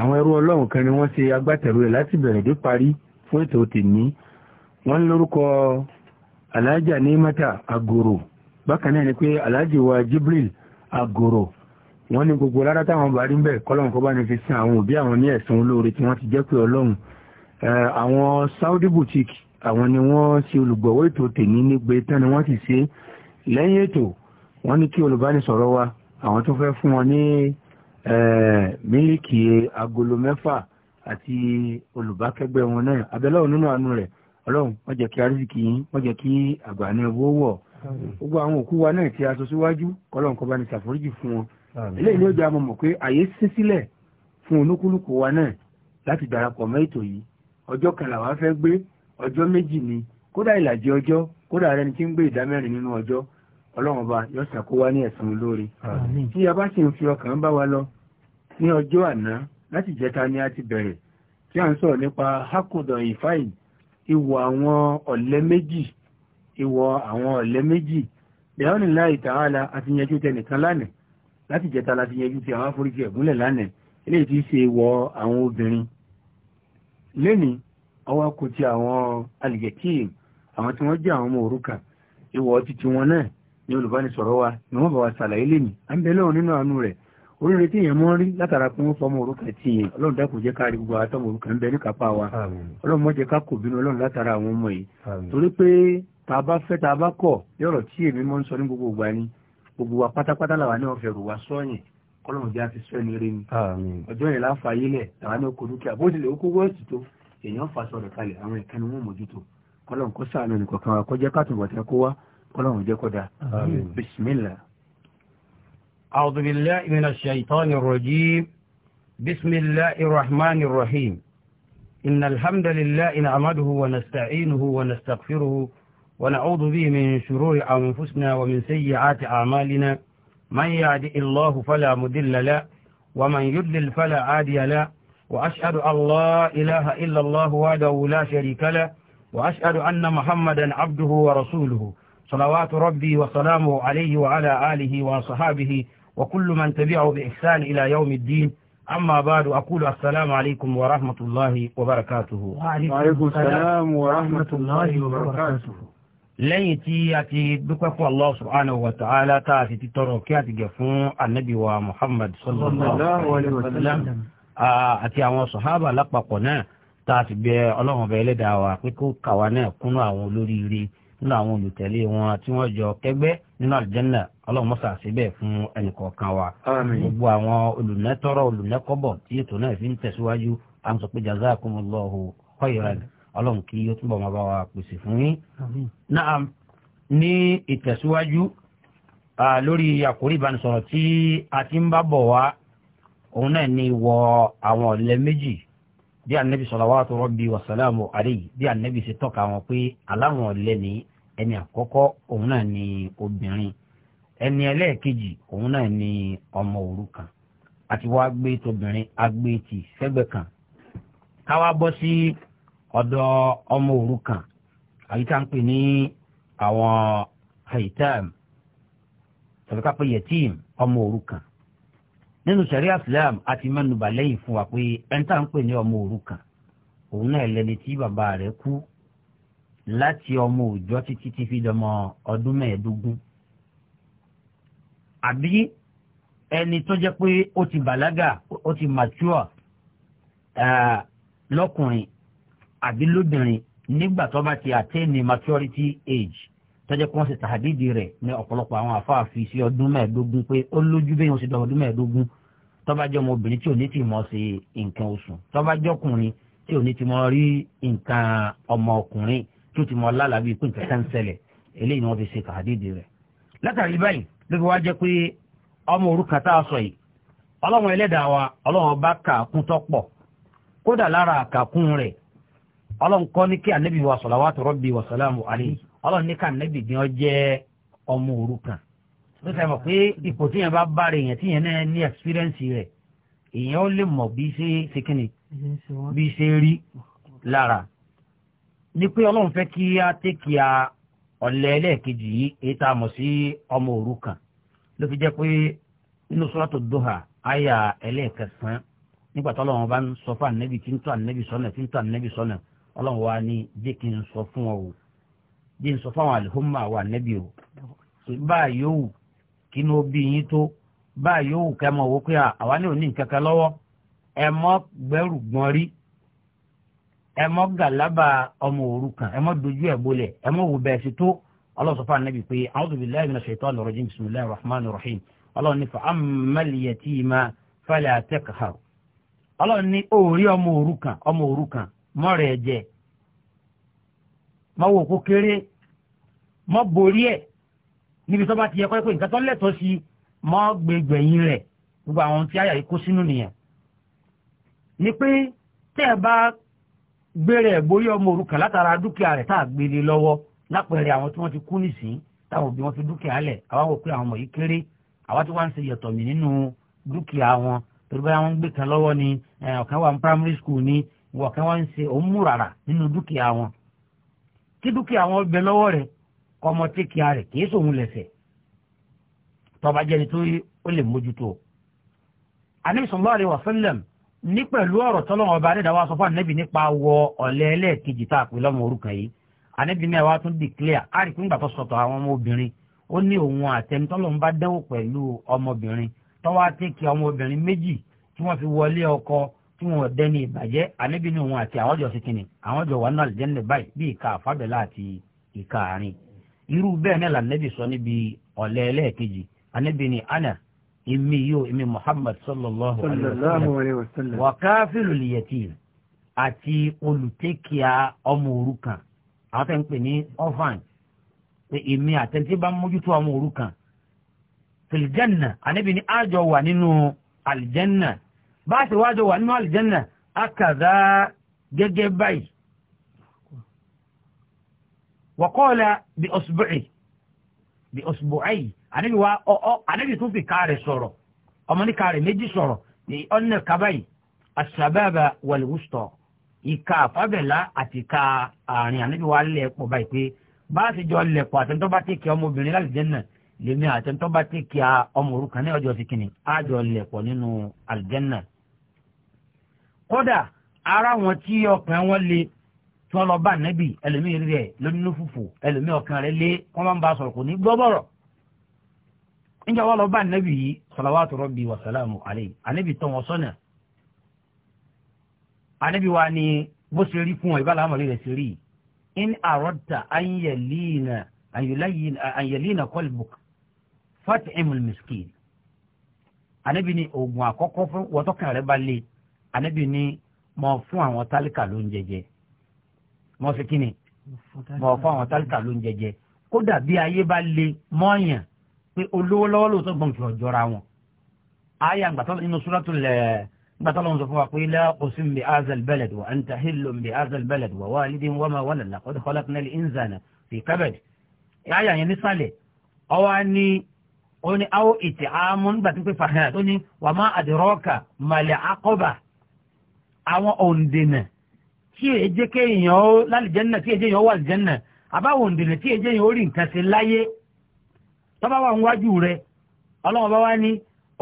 àwọn ẹrú ọlọ́run kan ni wọ́n ṣe agbátẹ̀rù ẹ̀ láti bẹ̀rẹ̀ dé parí fún ètò tèmi wọ́n lórúkọ alájà ní mẹ́ta àgòrò bákan náà ni pé alájì wa Jibril àgòrò wọ́n ní gbogbo lára táwọn bá rí ń bẹ̀ kọ́lọ́run kọ́ bá ní fi sin àwọn òbí àwọn ní ẹ̀sán olóore tí wọ́n ti jẹ́ pé ọlọ́run àwọn Saudi boutique àwọn ni wọ́n ṣe olùgbọ̀wọ́ ètò tèmi nígbè tán ni wọ́n ti ṣe lẹ́yìn ètò wọ́n ní kí olùbánisọ̀rọ̀ wa àwọn tó fẹ́ fún wọn ní mílíkì agolo mẹ́fà àti olùbákẹ́gbẹ́ wọn náà abẹ́lẹ́wọ̀n nínú àánú rẹ̀ ọlọ́run wọ́n jẹ́ kí arísìkì yín wọ́n jẹ́ kí àgbà ní ẹbú wọ̀ gbogbo àwọn òkú wa náà ti aṣọ síwájú kọ́lọ́n kọ́ bá ní ṣàforíjì fún wọn eléyìí ló jẹ́ àmọ́ mọ̀ pé àyè sí sílẹ̀ fún olúkúlùkù wa náà láti darapọ̀ mọ́ ètò yìí ọjọ́ kan làwa fẹ́ gbé ọjọ́ méjì ni kódà ìlàjì ọjọ́ kódà rẹni tí ń gbé ìdámẹ́rin nínú ọjọ́ ọlọ́run ọba yóò ṣàkówá ní ẹ̀sùn olóore tí a bá sì ń fi ọkàn bá wa lọ ní ọjọ́ àná láti jẹta ni a ti bẹ̀rẹ̀ tí a ń sọ̀rọ̀ nípa hakodan ifai ìwọ àwọn ọ̀lẹ́ méjì ìwọ àwọn ọ̀lẹ́ méjì bẹ̀rẹ̀ láì tààlà àti yanjú tẹnìkan lánàá láti jẹta láti yanjú ti àwọn afọ́ríkì ẹ̀gúnlẹ̀ lánàá eléyìí tí í ṣe ìwọ àwọn obìnrin lẹ́ni ọwọ́ kò ti àwọn alìyẹ̀kí àwọn tí wọ́n jẹ́ àwọn ọmọ òrukàn ìwọ títí wọn náà ní olùbánisọ̀rọ̀ wa ni wọ́n bá wa ṣàlàyé lèmi à ń bẹ lọ́wọ́ nínú àánú rẹ̀ oríire tí èèyàn mọ́ rí látara pé fọmọ orúkọ ti yẹn ọlọ́run dákun jẹ́ káàrí gbogbo àtọmọ orúkọ ń bẹ ní kápá wa ọlọ́run mọ́ jẹ́ ká kò bínú ọlọ́run látara àwọn ọmọ yìí torí pé tá a bá fẹ́ tá a bá kọ̀ yọ̀rọ̀ tí èmi mọ́ ń sọ ní gbogbo ìgbà ni gbogbo wa pátápátá làwa ní ọ̀fẹ́ rò wá sọ́yìn kọ́lọ́run jẹ́ àti sọ́ni rí ni ọjọ́ yẹn láǹfààyè lẹ̀ làwọn ní oko dúkìá bó tilẹ̀ oko wọ́ọ̀sì tó èèyàn fà sọ̀rọ̀ kalẹ̀ àwọn ìkànnì wọn kó ṣàánú ọlọ́run jẹ́ بسم الله أعوذ بالله من الشيطان الرجيم بسم الله الرحمن الرحيم إن الحمد لله نعمده ونستعينه ونستغفره ونعوذ به من شرور أنفسنا ومن سيئات أعمالنا من يهدئ الله فلا مدل له ومن يدلل فلا عادي له وأشهد أن لا إله إلا الله وعده لا شريك له وأشهد أن محمدا عبده ورسوله صلوات ربي وسلامه عليه وعلى آله وصحابه وكل من تبعه بإحسان إلى يوم الدين أما بعد أقول السلام عليكم ورحمة الله وبركاته وعليكم السلام ورحمة الله وبركاته lẹ́yìn tí a ti dúpẹ́ fún allah subhanahu wa ta'ala ta fi ti tọrọ kí a ti gẹ̀ fún annabi wa muhammad sallallahu alaihi wa sallam àti àwọn sọ̀hábà lápapọ̀ náà ta ti bẹ ọlọ́run ọba ẹlẹ́dàá wa pé kó kàwa náà kúnnú àwọn olóríire nínú àwọn olùtẹ̀lé wọn tí wọ́n jọ kẹgbẹ́ nínú àlùjẹ́nà ọlọ́run mọ́sà síbẹ̀ fún ẹnìkọ̀ọ̀kan wa. gbogbo àwọn olùnẹ́tọ́rọ̀ olùnẹ́kọ́bọ̀ tí ètò náà fi ń tẹ̀síwájú à ń sọ pé jazakumullahu khairan ọlọ́run kí ó túbọ̀ máa bá wa pèsè fún yín. náà ní ìtẹ̀síwájú lórí àkórí ìbánisọ̀rọ̀ tí a ti ń bá bọ̀ wá òun náà ni wọ àwọn ọ̀lẹ́ méjì bí anabi salawatu rabbi wa salamu alayhi bí anabi ṣe tọ́ka wọn pé aláwọn lẹ́ni ẹni àkọ́kọ́ òun náà ni obìnrin ẹni ẹlẹ́ẹ̀kejì òun náà ni ọmọ òrukàn àti wá gbé tóbìnrin agbé tì sẹ́gbẹ̀ kan káwá bọ́ sí ọ̀dọ̀ ọmọ òrukàn àyíká ń pè ní àwọn haitam tàbí ká pé yẹtíìm ọmọ òrukàn nínú sẹ̀rí islam àti mẹ́nuba lẹ́yìn fún wa pé ẹ̀ńtà ń pè ní ọmọ òrukàn òun náà lẹni tí bàbá rẹ̀ kú láti ọmọ òòjọ́ títí tí fi dọmọ ọdún mẹ́ẹ̀ẹ́dógún àbí ẹni tó jẹ́ pé ó ti bàlágà ó ti mature lọ́kùnrin àbí lóbìnrin nígbà tó bá ti attain maturity age tọ́jẹ́ kí wọ́n ṣe tàdídì rẹ̀ ní ọ̀pọ̀lọpọ̀ àwọn àfáàfin sí ọdún mẹ́ẹ̀ẹ́dógún pé ó lójú bẹ́ẹ̀ wọ́n ṣe dọ̀ ọdún mẹ́ẹ̀ẹ́dógún tọ́bajọ́ ọmọbìnrin tí ò ní ti mọ̀ sí nǹkan oṣù tọ́bajọ́ ọkùnrin tí ò ní ti mọ̀ rí nǹkan ọmọ ọkùnrin tó ti mọ̀ lálàá bíi pé nǹkan kan eléyìí ni wọ́n rẹ̀. látàrí báyìí sọ yìí ọlọ́run ẹlẹ́dàá wa ọlọ́run kàkún tó pọ̀ kódà lára àkàkún rẹ̀ ọlọ́run kọ́ ní kí ló sẹ́mọ̀ pé ipò tí yẹn bá bá rẹ̀ yẹn tí yẹn náà ní ẹ̀sipírẹ́ǹsì rẹ̀ èèyàn ó lè mọ̀ bí ṣe ṣe kíni bí ṣe rí lára ni pé ọlọ́run fẹ́ kí á tẹ́kì á ọ̀lẹ́ ẹlẹ́ẹ̀kejì yìí èyí tá a mọ̀ sí ọmọ òrukàn ló fi jẹ́ pé nínú suratu Duha àyà ẹlẹ́ẹ̀kẹsàn-án nígbà tó ọlọ́run bá ń sọ fún ànẹ́bì tí ń tọ́ ànẹ́bì sọ́nà tí ń tọ́ ànẹ́bì sọ́nà ọlọ́run wa ní jẹ́ kí n sọ fún ọ o jẹ́ n sọ fún àwọn àlùfáà wa ànẹ́bì o báyìí yóò kí ni ó bí yín tó báyìí ó wù kẹ́ mọ̀ wó pé àwa ní òní kankan lọ́wọ́ ẹ mọ́ gbẹ́rù gbọ́n rí ẹ mọ́ gàlábà ọmọ òrukàn ẹ mọ́ dojú ẹ̀ bolẹ̀ ẹ mọ́ wù bẹ́ẹ̀ sí tó ọlọ́run sọ fún anabi pé a'udhu billahi minash shaitanir rajim bismillahir rahmanir rahim ọlọ́run ní fa ammal yatima fala taqhar ní òórí ọmọ òrukàn ọmọ òrukàn mọ́rẹ̀ ẹ̀jẹ̀ mọ́wòkó kéré mọ́ borí ẹ̀ níbi tó bá ti yẹ kọ́ pé nǹkan tó lẹ́tọ̀ọ́ sí mọ́ gbẹgbẹ̀yìn rẹ̀ gbogbo àwọn tí àyà kó sínú nìyẹn. ni pé tẹ́ ẹ bá gbére ẹ̀ borí ọmọ òrukàn látara dúkìá rẹ̀ tá a gbélé lọ́wọ́ lápẹẹrẹ àwọn tí wọ́n ti kú nìsín táwọn òbí wọn fi dúkìá lẹ̀ àwọn wò pé àwọn ọmọ yìí kéré àwọn tí wọ́n ń ṣe yẹ̀tọ̀ mí nínú dúkìá wọn torí báyà wọ́n ń gbé kan lọ́wọ́ ni ọ̀kan wà ní primary school ni ọ̀kan wọ́n ń ṣe òun múrara nínú dúkìá wọn kí dúkìá wọn bẹ lọ́wọ́ rẹ̀ kọ́mọ tẹ́kì rẹ̀ kì í sòun lẹ̀sẹ̀ tọba jẹni tó ó lè mójútó. anabi sallallahu alaihi wasallam ní pẹ̀lú ọ̀rọ̀ tọ́lọ́wọ́ ọba adédáwà sọ fún anabi nípa wọ ọ̀lẹ́ ẹlẹ́ẹ̀kejì tá a pè lọ́mọ orúkọ yìí anabi náà wàá tún dìklẹ́à á rí pínpà tó sọ̀tọ̀ àwọn ọmọbìnrin ó ní òun àtẹnitọ́lọ́ ń bá dẹ́wò pẹ̀lú ọmọbìnrin tọ́wọ́ àtẹ́kì ọmọbìnrin méjì tí wọ́n fi wọlé ọkọ tí wọn dẹ ní ìbàjẹ́ àníbi òun àti àwọn ọjọ́ sí kìnnì àwọn ọjọ́ wà náà lẹ́nu báyìí bí ìka àfábẹ́lá àti ìka àárín irú bẹ́ẹ̀ náà lànàbì sọ níbi ọ̀lẹ́ ẹlẹ́ẹ̀kejì ànàbì ni ana èmi yóò èmi muhammad sallallahu alayhi wa sallam wa kafilu liyatim àti olùtẹ́kìá ọmọ òrukàn àwọn tẹ́ ń pè ní orphan pé èmi àtẹ̀ntì bá mójútó ọmọ òrukàn fìlìjẹ́nà ànàbì ni àjọ wà nínú àlìjẹ́nà bá a ti wájọ wà nínú àlìjẹ́nà akàdá gẹ́gẹ́ báyìí wọ́kọ́ọ̀lá bí ọ̀sùbùrì bí ọ̀sùbùrì ànábì wa ọ̀ọ́ ànábì tó fi káàrẹ̀ sọ̀rọ̀ ọmọ ní káàrẹ̀ méjì sọ̀rọ̀ ní ọ̀nà kábàyì àṣàbàbà wàlúwùsùtọ̀ ìka àfàbẹ̀lá àti ìka àárín ànábì wa lẹ́ẹ̀pọ̀ báyìí pé bá a ti jọ lẹ̀pọ̀ àtẹ̀ntọ́ bá tẹ̀kẹ́ ọmọbìnrin láti jẹ́ náà lèmi àtẹ̀ntọ́ bá tẹ̀kẹ́ ọmọ òrukàn ní ọjọ́ sikini á jọ lẹ̀pọ̀ nínú àlìjẹ́nà kódà ara wọn tí ọkàn wọn le tí wọ́n lọ bá nẹ́bì ẹlòmíì rí rẹ̀ lónínú fùfù ẹlòmíì ọ̀kan rẹ̀ lé wọ́n máa ń bá sọ̀rọ̀ kò ní gbọ́ bọ̀rọ̀ níjà wọ́n lọ bá nẹ́bì yìí salawatu rabbi wa salamu alayhi ànẹ́bì tán wọn sọ́nà ànẹ́bì wa ni bó ṣe rí fún wọn ìbá làwọn rẹ̀ ṣe rí in aradta an yalina an yalina qalbuk fat'imul miskin ànẹ́bì ni oògùn àkọ́kọ́ fún wọ́tọ́kàn rẹ̀ bá lé ànẹ́bì ni mọ̀ fún àwọn tálíkà ló ń jẹjẹ́ mọ́ fi kíni mọ̀ fún àwọn tálíkà ló ń jẹjẹ kódà bí ayé bá le mọ́ọ̀yàn pé olówó lọ́wọ́ lóòótọ́ gbọ̀n kí ọjọ́ra wọn. ayé àgbàtọ́ nínú súrọ́tù lẹ̀ gbàtọ́ lọ́wọ́ sọ fún wa pé la usim bi azal balad wa anta hillum bi azal balad wa walidin wa ma walad laqad khalaqna al insana fi kabad. ayé àyẹn nísàlẹ̀ ọwọ́ ni ó ní aw it'amun gbàtí pé fàhánà tí èjé kéèyàn ó lálìjẹ́nà tí èjé yẹn ó wà lìjẹ́nà àbáwọn òǹdìnà tí èjé yẹn ó rí nǹkan ṣe láyé tọ́ba wà níwájú rẹ̀ ọlọ́run bá wá ní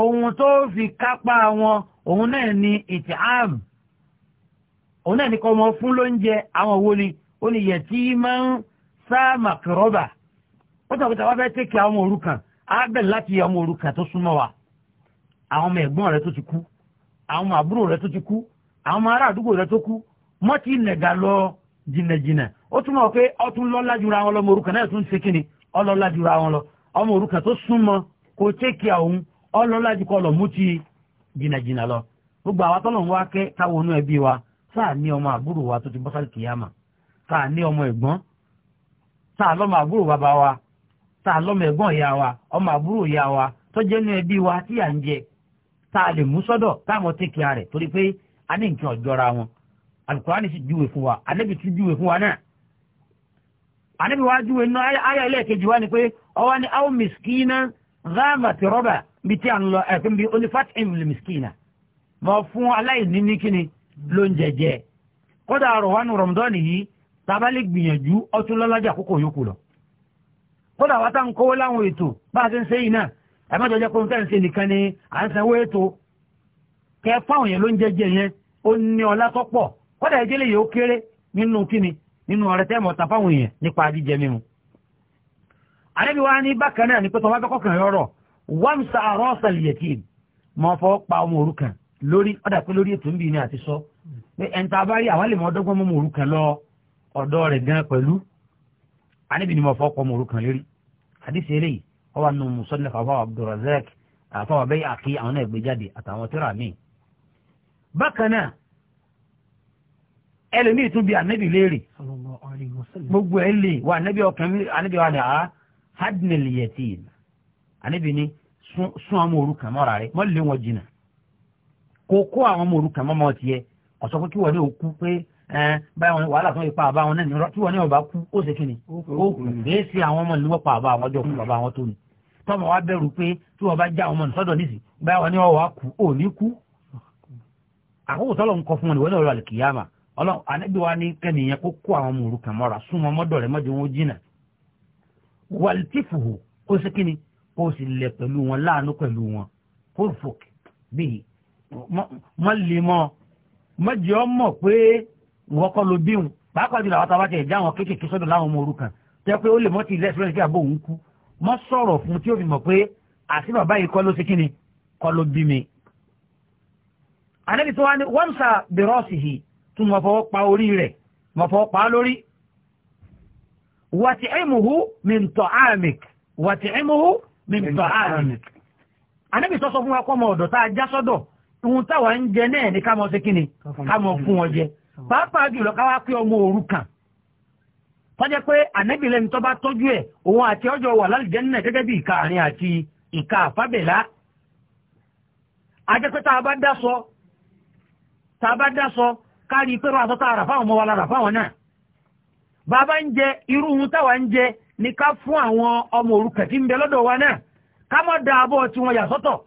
ohun tó fi kápá wọn òun náà ni ìtìhám òun náà ni kọ́ wọn fún lóúnjẹ àwọn wo ni ó ní yẹn tí máa ń sá màkìrọ́bà ó tàn kúta wá fẹ́ tẹ́kẹ̀ àwọn òrukàn á bẹ̀rẹ̀ láti àwọn òrukàn tó súnmọ́ wa àwọn ọmọ ẹ̀gbọ́n rẹ̀ tó ti kú àwọn ọmọ àbúrò rẹ̀ tó ti kú àwọn ọmọ ará àdúgbò rẹ̀ tó kú mọ́tì nẹ̀gà lọ jìnnàjìnnà ó túmọ̀ pé ọtún lọ́lá jura wọn lọ ọmọ òrukàn náà tún ṣe kíni ọlọ́lá jura wọn lọ ọmọ òrukàn tó súnmọ kò tẹ́kì àwọn ọlọ́lá jù kọ́ lọ mú ti jìnnàjìnnà lọ gbogbo àwa tọ́lọ̀ ń wá kẹ́ táwọn onú ẹbí wa wa tó ti bọ́ sáré kìyàmà sáà ní ọmọ ẹ̀gbọ́n sáà lọ́mọ àbúrò bàbá wa sáà lọ́mọ ẹ̀gbọ́n wa ọmọ àbúrò ìyá wa tó jẹ́ ẹbí wa ń jẹ lè mú sọ́dọ̀ alukurani sì júwe fún wa anabi tún júwe fún wa náà anabi wa júwe nínú ayé ẹlẹ́ẹ̀kejì wa ni pé ọwọ́ ni aw miskina ghama ti rọ́bà bí tí a ń lọ ẹ̀fín bí onífàtí ìmìlì miskina mọ̀ fún aláìní ní kíni ló ń jẹjẹ kódà rọ̀ wá ní rọ̀mùdọ́ọ̀nì yìí tabali gbìyànjú ọtún lọ́lájà kókò yòókù lọ kódà wa tá kówó láwọn ètò bá a ti ń ṣe yìí náà ẹ má jọjọ pé n fẹ́ ń ṣe nìkan ni à ń sanwó ètò kẹ fáwọn yẹn ló ń jẹjẹ yẹn ó ní ọlá tó pọ̀ kọ́dà ìjẹ́lẹ̀ yìí ó kéré nínú kíni nínú ọ̀rẹ́ tẹ́ mọ̀ta fáwọn èèyàn nípa jíjẹ mímu. àrẹ́bí wa ní bákan náà ní pé tọ́wọ́ bẹ́kọ̀ kàn wọ́n sa àrọ́ sàlìyẹ̀tì mọ̀ fọ́ pa ọmọ òrukàn lórí ọ̀dà pé lórí ètò ń bì ní àti sọ pé bá rí àwọn lè mọ ọdọ́gbọ́n mọ́ òrukàn lọ ọ̀dọ́ rẹ̀ gan pẹ̀lú àrẹ́bí ni mọ̀ fọ́ pa ọmọ lórí àdìsí eléyìí ẹlòmí ìtún bí ànábì léèrè gbogbo ẹ lè wà ànábì ọkùnrin ànábì wà ní àá hadnil yatim ànábì ní sún àwọn òrukàn mọ́ra rẹ mọ́ lé wọn jìnnà kò kó àwọn òrukàn mọ́ mọ́ tiẹ̀ ọ̀sọ́ pé kí wọ́n ní òkú pé báwọn wàhálà tó ń pa àbá wọn náà nìyọrọ tí wọn ní ọba kú ó ṣe kí ni ó kèé sí àwọn ọmọ ìlú wọ́pọ̀ àbá àwọn ọjọ́ kú mm. bàbá wọn tó ni tọ́mọ wa bẹ̀rù pé tí wọ́n bá já àwọn ọmọ nìsọ́dọ̀ nísì báwọn ní ọwọ́ kú ò ní kú àkókò tọ́lọ̀ ń kọ fún wọn ìwọ́n náà lọ àlùkìyàmà ọlọ́run ànábì wa ní kẹ́nìyàn kó kó àwọn mòrú kan mọ́ra súnmọ́ mọ́dọ̀ rẹ̀ mọ́jọ wọn jìnnà wàlítífù kó sí kíni kó sì lẹ̀ pẹ̀lú wọn láàánú pẹ̀lú wọn kó fòk bíi mọ́ lè mọ́ mọ́jọ mọ̀ pé wọ́n kọ́ ló bíhùn pàápàá jùlọ àwọn tabatẹ̀ ìjà àwọn kéékèèké sọ́dọ̀ láwọn mòrú kan tẹ́ pé ó lè mọ́ ti ilé ẹ̀sìn àbò òun kú mọ́ sọ̀rọ̀ fún tí ó fi tí mo fọwọ́ pa orí rẹ̀ mo fọwọ́ pa lórí wàtíìmùhù min ta'amik anábì fún wa ọmọ ọ̀dọ̀ tá a já sọ́dọ̀ ohun táwa ń jẹ náà ní sí kíni fún jẹ pàápàá jùlọ káwá pé ọmọ òrukàn tọ́jẹ́ pé anábì lẹ́ni bá tọ́jú ẹ̀ òun àti ọjọ́ wà gẹ́gẹ́ bí ìka àárín àti ìka àfábẹ̀lá tá a sọ kárí pé wà sọ́tà àràfáwọn ọmọ wa lára fáwọn náà bàbá ń jẹ irú ohun táwa ń jẹ ní ká fún àwọn ọmọ òrukàn tí ń bẹ lọ́dọ̀ wa náà ká mọ́ da abọ́ tí wọ́n yà sọ́tọ̀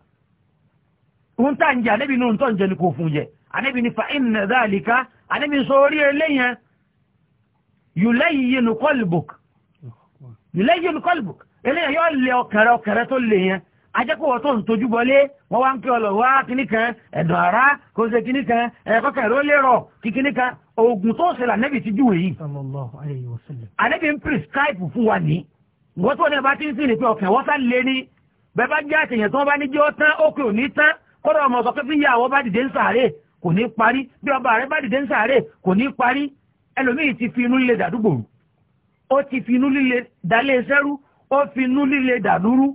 ohun tá ń jẹ ànẹ́bí ní ohun tó ń jẹ ní kò fún jẹ ànẹ́bí ní fa inna dhalika ànẹ́bí sọ orí eléyẹn yulayyinu qalbuk yulayyinu qalbuk eléyẹn yóò lé ọkẹrẹ ọkẹrẹ tó lé yẹn ajẹ́kọ̀ọ́ tó ń tojú bọlé wọ́n wá ń pè ọlọ́ wá kan ẹ̀dùn ara kò ṣe kíní kan ẹ̀kọ́ kan lérò kí kíní kan oògùn tó ṣe lànẹ́bì ti júwèé yìí. ànẹ́bì ń prescribe fún wa ní wọ́n tó ní ọba tí ń sìn ní pé ọkàn wọ́n sá lé ní bẹ́ẹ̀ bá jẹ́ àtẹ̀yẹ̀ tí wọ́n bá ní jẹ́ ó tán ó kò ní tán kọ́dọ̀ ọmọ sọ pé bí ìyá àwọn bá dìde ń sàárè kò ní parí bí ọba rẹ bá dìde ń ó fi inú líle dálé iṣẹ́ rú ó fi inú líle dàdúrú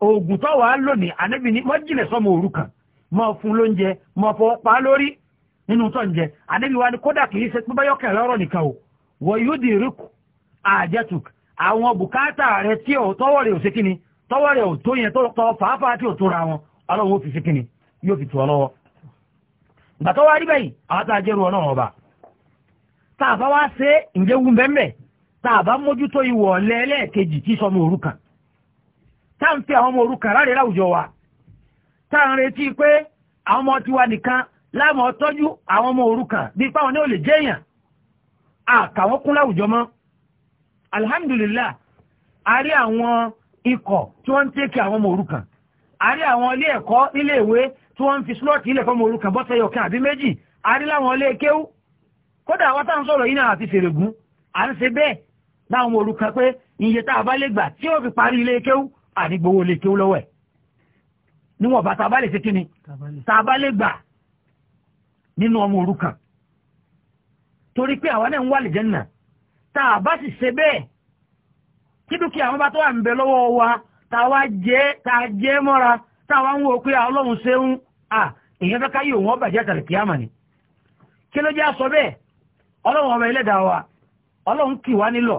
oògùn tó wàá lónìí ànábì ní mọ́jìnlẹ̀ sọ́mọ ma mọ́ fún lóúnjẹ mọ́ fọwọ́ pa lórí nínú tó ń jẹ ànábì wa ni kódà kì ṣe o wọ yóò di ríkù àjẹtù àwọn bùkátà rẹ tí ò tọwọ́ rẹ ò ṣe kíni tọwọ́ rẹ ò tó yẹn tó tọ fàáfàá tí ò tó ra wọn ọlọ́run ọ lọ́wọ́ ìgbà tó wá rí bẹ́yìn àwọn tá a ọlọ́run ọba tá a bá wá ṣe tá à ń fi àwọn ọmọ òrukàn láre láwùjọ wa tá à ń retí pé àwọn ọmọ tiwa nìkan láàmú ọtọ́jú àwọn ọmọ òrukàn bíi pé àwọn ní ò lè jẹ́ èèyàn àkàwọn kún láwùjọ mọ́ alihamudulilayi a rí àwọn ikọ̀ tí wọ́n ń tẹ́kẹ̀ àwọn ọmọ òrukàn a rí àwọn ilé ẹ̀kọ́ nílé ìwé tí wọ́n ń fi slọ́ọ̀tì ilẹ̀ fọ́mọ òrukàn bọ́sẹ̀ yọ̀kan àbí méjì a rí láwọn ilé kéwú kódà àwọn táwọn sọ̀rọ̀ yìí náà àti fèrègún à ń ṣe bẹ́ẹ̀ láwọn ọmọ òrukàn pé iye tá a bá lè gbà tí ó fi parí ilé kéwú àrígbówó lè lọ́wọ́ ẹ̀ níwọ̀n bá ni gbà nínú ọmọ òrukàn torí pé àwọn náà ń wà lè jẹ́ nà tàbá sì ṣe bẹ́ẹ̀ kí dúkìá wọn bá tó wà ń bẹ lọ́wọ́ wa tàwa jẹ́ tà jẹ́ mọ́ra tàwa ń wo pé ọlọ́run ṣeun à èèyàn fẹ́ ká yí òun ọba tàbí kíámà ni kí ló jẹ́ àsọ bẹ́ẹ̀ ọlọ́run ọba wa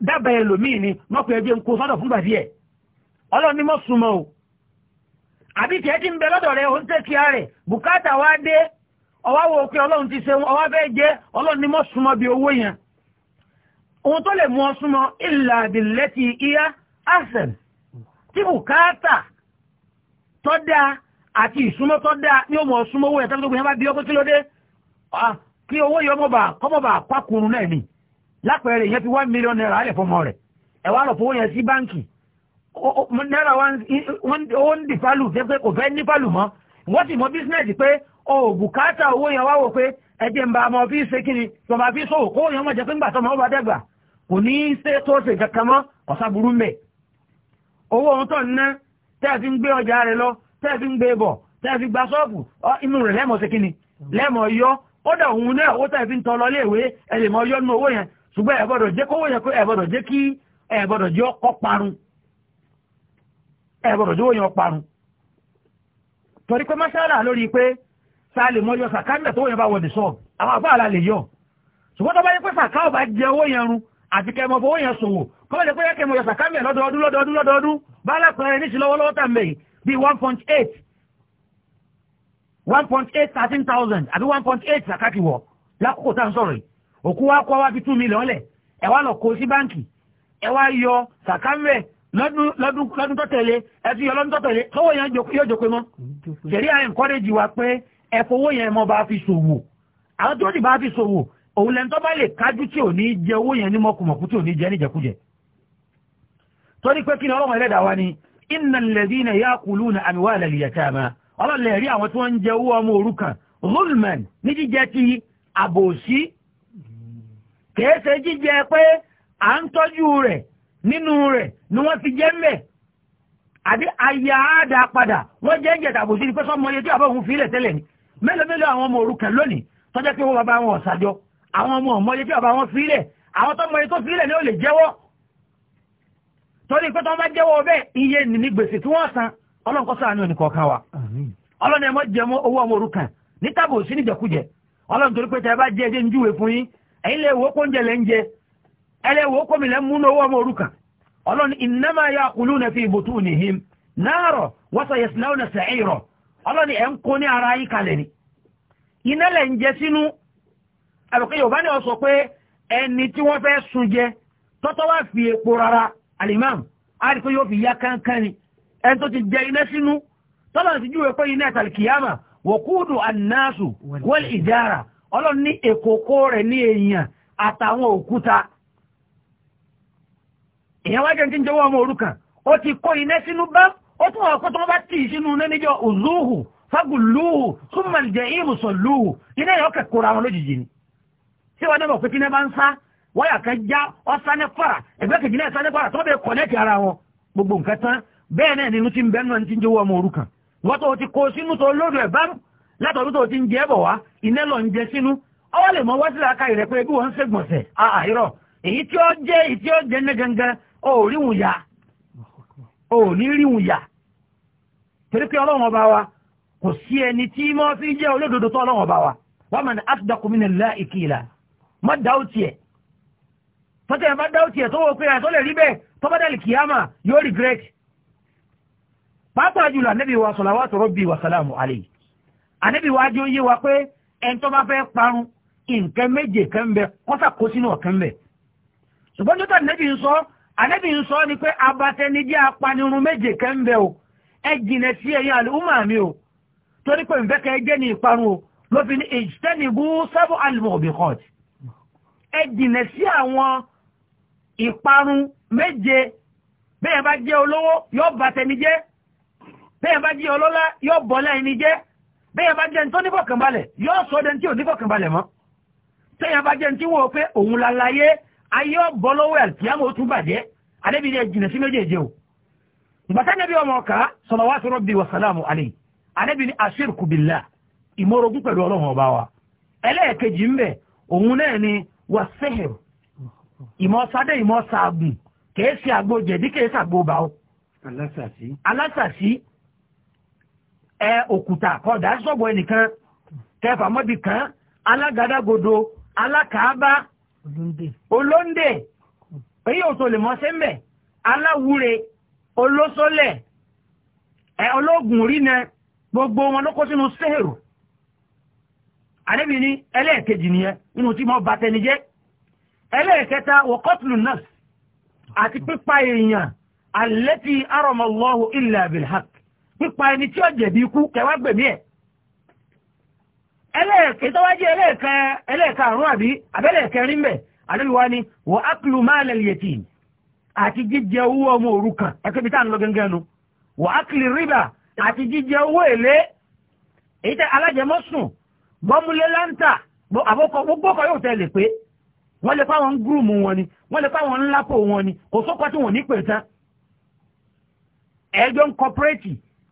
dábàá ẹlòmíì ni wọ́n pẹ̀ ń kó sọ́dọ̀ fún gbàdí ẹ̀ mọ́ ti ń bẹ lọ́dọ̀ rẹ̀ rẹ̀ wo pé ọlọ́run ti ṣe ọwá jẹ́ mọ́ súnmọ́ bí owó yẹn ohun tó lè mú ọ súnmọ́ ìlà àbìlẹ́tì ìyá àṣẹm tí bùkátà tó dáa àti ìsúnmọ́ ní ọmọ súnmọ́ owó tó bá bí kí lápẹẹrẹ ìyẹn ti one million naira alẹ̀ fọmọ rẹ̀ ẹ wá lọ fowó yẹn sí báǹkì náírà owó ń di fálù jẹ́ pé kò fẹ́ ní fálù mọ́ wọ́n sì mọ bísínẹ́sì pé o bùkátà owó yẹn wá wò pé ẹjẹ́ ń ba ọmọ fi ṣe kí ni tọmọ fi ṣòwò kó yẹn wọ́n jẹ́ pé ń gbà tọmọ ọba dẹ́gbà kò ní í ṣe tó ṣe kankan mọ́ ọ̀sá burú mẹ́ owó ohun tó ń ná tẹ́ ẹ fi ń gbé ọjà rẹ lọ tẹ́ ẹ fi ń gbé bọ̀ tẹ́ ẹ fi gba ṣọ́ọ̀bù inú rẹ̀ lẹ́mọ̀ ṣe kí ni lẹ́mọ̀ yọ ó dà òun náà ó tẹ́ ẹ fi ń tọ́ lọ léèwé ẹ lè mọ yọ nínú owó yẹn ṣùgbọ́n ẹ gbọ́dọ̀ jẹ́ kówó yẹn pé ẹ gbọ́dọ̀ jẹ́ kí ẹ gbọ́dọ̀ jẹ́ ọkọ̀ parun ẹ gbọ́dọ̀ jẹ́ òyìn ọparun torí pé mọ́ṣálà lórí pé sáà lè mọ́ yọ sàkáńdà tó yẹn bá wọ̀ ní sọ́ọ̀bù àwọn àbá àlà lè yọ ṣùgbọ́n tó bá yẹ pé sàká ọba jẹ owó yẹn run àti kẹmọ fowó yẹn ṣòwò kọ́ lè pé yẹ kẹmọ yọ sàkáńdà lọ́dọọdún lọ́dọọdún lọ́dọọdún bá lápẹẹrẹ ní ìṣìlọ́wọ́lọ́wọ́ tà mẹ́yì bíi one point eight thirteen thousand àbí 1.8 point eight sàkáàkì wọ̀ lákòókò tá à ń sọ̀rọ̀ yìí òkú wa kọ́ wa fi two million lẹ̀ ẹ wá lọ kó sí báǹkì ẹ wá yọ sàkámẹ́ lọ́dún tó tẹ̀lé ẹ ti yọ lọ́dún tó tẹ̀lé owó yẹn yóò jókòó mọ́ ṣèlú à encourage wa pé ẹ fowó yẹn mọ́ bá fi ṣòwò àwọn tó ti bá fi ṣòwò òun lẹ́nu tó bá lè kájú tí ò ní jẹ owó yẹn ní mọ̀kùmọ̀kù tí ò ní jẹ níjẹkújẹ torí pé kí ni ọlọ́run ẹlẹ́dàá wa ni kìí ṣe jíjẹ pé à ń tọ́jú rẹ̀ nínú rẹ̀ ni wọ́n fi jẹ́ mẹ́ àbí aya ada padà wọ́n jẹ́ ìjẹta àbòsí ni pé sọ́mọ iye tí àbọ̀ fi tẹ́lẹ̀ ni mélòó mélòó àwọn ọmọ òrukàn lónìí tọ́jẹ́ pé wọ́n bàbá wọn ọ̀sàjọ àwọn ọmọ ọmọ iye tí bàbá wọn fi àwọn tọ́mọ iye fi ni ó lè jẹ́wọ́ torí pé tọ́mọ jẹ́wọ́ bẹ́ẹ̀ iye nì gbèsè tí san ọlọ́run ẹnì kọ̀ọ̀kan wa ọlọ́run jẹ́ owó ọmọ òrukàn ẹ̀yin lè wò ó kóúnjẹ lẹ́ ń jẹ ẹ lè wò ó kómi lẹ́ ń múnú owó ọmọ òrukàn ọlọ́ni innama yaquluna fi butunihim náàrọ̀ wa sayaslawna sa'ira ọlọ́ni ẹ̀ ń kó ní ara yìí kalẹ̀ ni iná lẹ̀ sínú àbùkẹ́ yorùbá ni ọ sọ pé ẹni tí wọ́n fẹ́ sun jẹ tọ́tọ́ wá fi epo rárá alimam àdìpé yóò fi yá kánkán ni ẹni tó ti jẹ iná sínú tọ́lọ́ ti júwe pé iná ẹ̀tàlì kìyàmà wọ̀kúùdù annasu ìjára ọlọ́run ní èkókó rẹ̀ ní èèyàn àtàwọn òkúta èèyàn wá jẹ́ tí ń jọwọ́ ọmọ òrukàn ó ti kó iná sínú bá ó tún ọ̀pọ̀ tó wọ́n bá tì sínú iná níjọ òzúhù fagùlúhù súnmọ̀lìjẹ̀ ìmùsọ̀lúhù iná yọ kẹkọrọ àwọn lójijì ni tí wọ́n dẹ́bọ̀ pé kí iná bá ń sá wáyà kan já ọ́sánẹ́ fara ẹgbẹ́ kejì náà sánẹ́ fara tó bẹ́ẹ̀ kọ̀nẹ́kì ara wọn gbogbo nǹkan tán bẹ́ẹ̀ náà nínú ti ń bẹ́ẹ̀ náà ti ń jọwọ́ ọmọ òrukàn wọ́n tó ti kó sínú tó lóòrùn ẹ̀ bá látọ̀dún tó ti ń jẹ́ bọ̀ wá iná lọ ń jẹ sínú ọwọ́ lè mọ wá sí àka ìrẹ́ pé bí wọ́n ń ṣègbọ̀nsẹ̀ àìrọ̀ èyí tí ó jẹ́ èyí tí ó jẹ́ ní gangan ò ríhùn yà ò ní ríhùn yà torí pé ọlọ́run ọba wa kò sí ẹni tí mọ́ fi jẹ́ olódodo tó ọlọ́run ọba wa wọ́n mọ̀ ní asdaqu minallahi qila mọ́ dáwọ́ tiẹ̀ tọ́tẹ̀ ẹ̀ bá dáwọ́ tiẹ̀ tó wọ́n pé àtọ́ lè rí bẹ́ẹ̀ tó bá dàlì kìyàmà yóò regret pàápàá jùlọ ànábì wa salawatu rabbi wa salamu alayhi ànábì wájú yé wa pé ẹni tó bá fẹ́ parun nǹkan méje kan bẹ kọ́sà kó sínú ọ̀kan bẹ ṣùgbọ́n tó tà ànábì ń sọ ànábì ń sọ ni pé abatẹnijẹ́ apanirun méje kan bẹ o ẹ jìnà sí ẹ̀yin àlùmọ́ mi o torí pé nfẹ́ kẹ́ jẹ́ ní ìparun o ló fi ní ìjítẹ́nìbú sábọ̀ àlùmọ́ òbí kọ́ọ̀t ẹ jìnà sí àwọn ìparun méje bẹ́ẹ̀ bá jẹ́ olówó yóò bàtẹ́ni jẹ́ bẹ́ẹ̀ bá jẹ́ ọlọ́lá yóò bọ́lá ẹni jẹ́ bẹ́ẹ̀ bá jẹ́ tó nífọ̀kànbalẹ̀ yóò sọ tí ò nífọ̀kànbalẹ̀ mọ́ tẹ́yà bá jẹ́ tí wọ́n pé òun lalaye ayé ọ̀bọ lọ́wọ́ àlùkìyàmọ̀ tún bàjẹ́ adébíyẹ jìnà sí méjèèjì o ìgbàtà níbi ọmọ ọ̀ka salawatu rabbi wa salamu alayhi adébí ni ashirku billah ìmọ̀rogún pẹ̀lú ọba wa ẹlẹ́ẹ̀kejì òun náà ni ìmọ̀sádé ìmọ̀sàgùn jẹ̀dí bá o alásàsí ẹ òkúta kọ̀dà sọ̀bọ̀ ẹnìkan kẹfà mọ́bì kan ala alákàábá olóńdè èyí ò lè mọ́ sẹ́ńbẹ̀ aláwúre olóṣọlẹ̀ ẹ ológun orí gbogbo wọn ló kó sínú sẹ́ẹ̀rù ní ẹlẹ́ẹ̀kejì nìyẹn nínú tí mo bá tẹni jẹ́ ẹlẹ́ẹ̀kẹta wọ́kọ́tùlù náà àti pípa èèyàn àlẹ́tì pípa ẹni tí ó jẹ̀bi ikú kẹwàá gbèmí ẹ̀ ẹlẹ́ẹ̀kẹ́ tó wájú ẹlẹ́ẹ̀kẹ́ àrùn àbí abẹ́lẹ́ẹ̀kẹ́ rí ni wọ́n máa àti jíjẹ owó ọmọ òrukàn ẹ̀kẹ́ bí táà ń lọ gẹ́gẹ́ nu wọ́n àti jíjẹ owó èlé èyí tẹ alájẹmọ́sùn gbọ́múlé láńtà àbókọ gbogbo yóò pé wọ́n lè fáwọn gúrùmù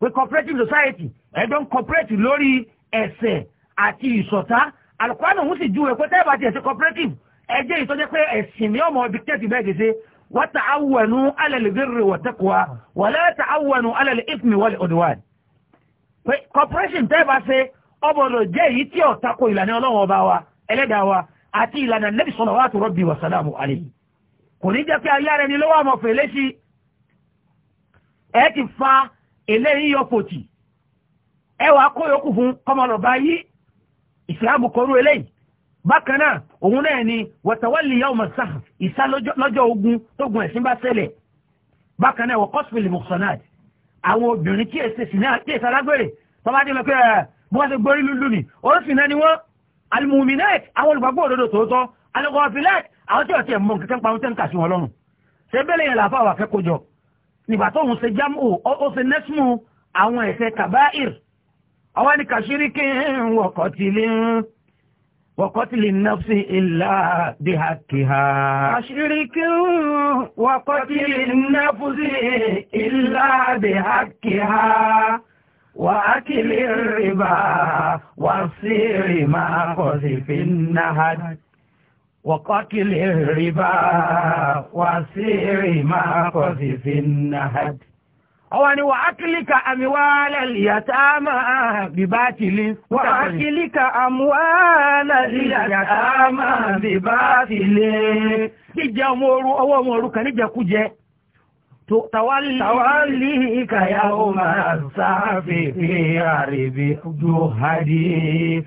pé cooperative society ẹjọ́ ń cooperate lórí ẹ̀sẹ̀ àti ìṣọ̀tá alùpàánù ń sì ju ẹ̀pẹ́ tẹ́ẹ̀bà ti ẹ̀sẹ̀ cooperative ẹjẹ́ ìtọ́jẹ́ pé ẹ̀sìn ní ọmọ dictate bẹ́ẹ̀ gèsè wa ta'awwanu 'ala al-birri wa taqwa wa la ta'awwanu 'ala al-ithmi wal-'udwan pé corporation tẹ́ẹ̀bà ṣe ọbọ̀dọ̀ jẹ́ èyí tí ó tako ìlànà ọlọ́run ọba wa ẹlẹ́dàá wa àti ìlànà nẹ́bí salawatu rabbi wa salamu alayhi kò ní eléyìí yọ pòtì ẹwà kó yókù fún kọmọlọba yí ìsìláàmù kọrú eléyìí bákan náà òun náà ni wọ̀tàwọ́lì yà ọmọ sáà ìsá lọ́jọ́ ogun tógun ẹ̀sìn bá ṣẹlẹ̀ bákan náà wọ kọ́sìpìlì mọ̀sánàd àwọn obìnrin tí èsì sí náà tí èsì alágbèrè tọ́ba lọ pé bí wọ́n ṣe gborí lúlú ni oríṣi náà ni wọ́n alimuminat àwọn olùgbàgbọ́ òdodo tòótọ́ alẹ́kọ̀ọ́ filat àwọn tí wọ́n ti ẹ̀ mọ̀ nǹkan pa ohun tẹ́ ń kà sí wọn lọ́rùn ṣé bẹ́ẹ̀ lè yẹn làáfà wà kẹ́kọ̀ọ́ jọ nígbà tó ń ṣe jámù ó ṣe nẹ́sìmù àwọn ẹ̀ṣẹ̀ kàbáìr ọwọ́ ni kàṣíríkì wọ̀kọ̀tìlì wọ̀kọ̀tìlì nọ́fsì ìlà bíhàkìhà. kàṣíríkì wọ̀kọ̀tìlì nọ́fsì ìlà bíhàkìhà wà á kìlì rìbá wà sí rìmá kọ̀sìfì náà. وقتل الربا وسير ما قذف النهد أواني وأكلك أموال اليتامى بباطل وأكلك أموال اليتامى بباطل jíjẹ ọmọ òru ọwọ́ ọmọ òru kan níjẹkújẹ tawali kàyàwó في sáfẹ́ fi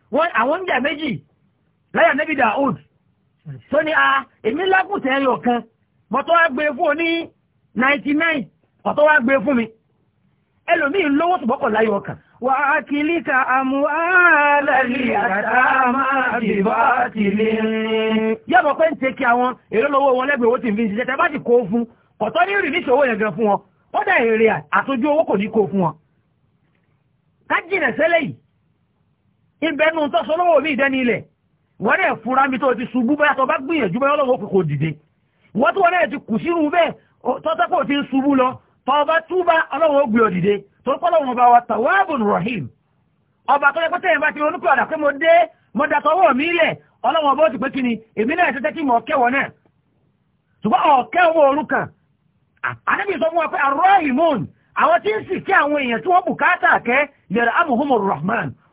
wọ́n àwọn ń jà méjì láyà nẹ́bí Daoud tó ní a ah, èmi lákùtẹ̀ ẹyọ kan bọ́tọ́ wá gbé fún ọ ní 99 ọ̀tọ́ wá gbé fún mi ẹlòmíì lówó tùbọ́kọ̀ láyọ̀ ọkàn wà á kí líka àmú ààlẹ́lì àtàmà àbìbá ti lè rìn yẹ́bọ̀ pé ń tẹ́ kí àwọn èrè lọ́wọ́ wọn lẹ́gbẹ̀ẹ́ owó tí ń ṣiṣẹ́ tẹ́ bá ti kó fún ọ̀tọ́ ní ìrìn níṣòwò yẹn gan fún wọn ó dá èrè àtọ́jú owó kò ní kó fún wọn ká jìnà sẹ́lẹ̀ yìí ìbẹ̀nù tó sọ lọ́wọ́ mi ìdẹ́ni ilẹ̀ wọ́n dẹ̀ fúnra mi tó ti ṣubú báyà tó bá gbìyànjú báyà ọlọ́wọ́ kò kò dìde wọ́n tó wọ́n dẹ̀ ti kù sínú bẹ́ẹ̀ tọ́tọ́kọ̀ ti ń ṣubú lọ tọba túbá ọlọ́wọ́ gbìyànjú dìde tó kọ́ lọ́wọ́ ọba wa tawabun rahim ọba tó yẹ pé tẹ́yìn bá ti ronú pé ọ̀dà pé mo dé mo da tọwọ́ mi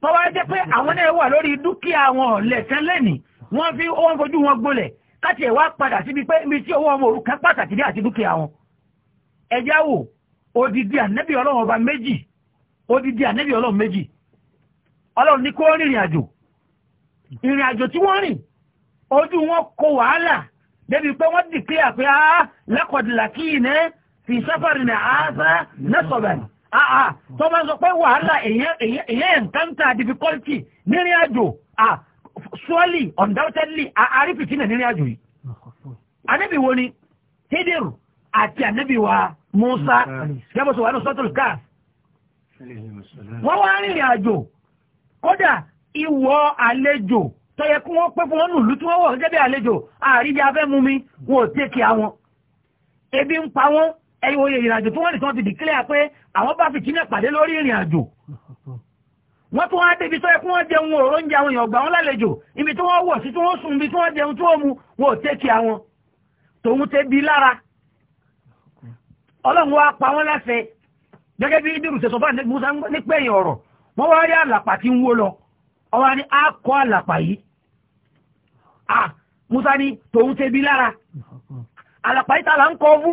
tó wá jẹ́ pé àwọn náà wà lórí dúkìá wọn ọ̀lẹ̀ tán lẹ́nì wọ́n fi owó fojú wọn gbolẹ̀ káti ẹ̀ wá padà síbi pé ibi tí owó ọmọ òrukàn pàtàkì dé àti dúkìá wọn ẹjá wò odidi ànẹ́bí ọlọ́run ọba méjì odidi ànẹ́bí ọlọ́run méjì ọlọ́run ní kó rìnrìn àjò ìrìn àjò tí wọ́n rìn ojú wọn kó wàhálà débi pé wọ́n dìklẹ́ àpẹ́ ah, laqad laqina fi safarina hadha nasaban àà ah, ah, tó bá ń sọ pé wàhálà èyàn ẹ̀ǹkántà difficulty nírin àjò à ah, surely undoubtedly àrífìtì nà nírin àjò yìí anábì wo ni Hidiru àti anábì wa Musa jẹ́bọ̀sọ̀ wà ní sọ́tòlù káàs wọ́n wá rìnrìn àjò kódà ìwọ̀ àlejò tó yẹ kí wọ́n pé fún wọn nùlú tí wọ́n wọ̀ gẹ́gẹ́ bí àlejò àríjà afẹ́ mú mi wọn ò tẹ́kì àwọn ebi ń pa wọn ẹ̀yìn oye ìrìnàjò tó wọ́n nìkan ti dìklẹ́ pé àwọn bá fi kínà pàdé lórí ìrìnàjò wọ́n tó wá débi sọ ẹkún wọ́n jẹun jeun àwọn èèyàn ọgbà wọn lálejò ibi tí wọ́n wọ̀ sí tí wọ́n sùn ibi tí wọ́n jẹun tí wọ́n mu wọn tẹ́kì àwọn tòun tẹ́ bí lára ọlọ́run wá pa wọ́n gẹ́gẹ́ bí ibi rùsẹ̀ sọ́fà musa ọ̀rọ̀ wọ́n wá rí àlàpà tí ń wó lọ ọwọ́ ni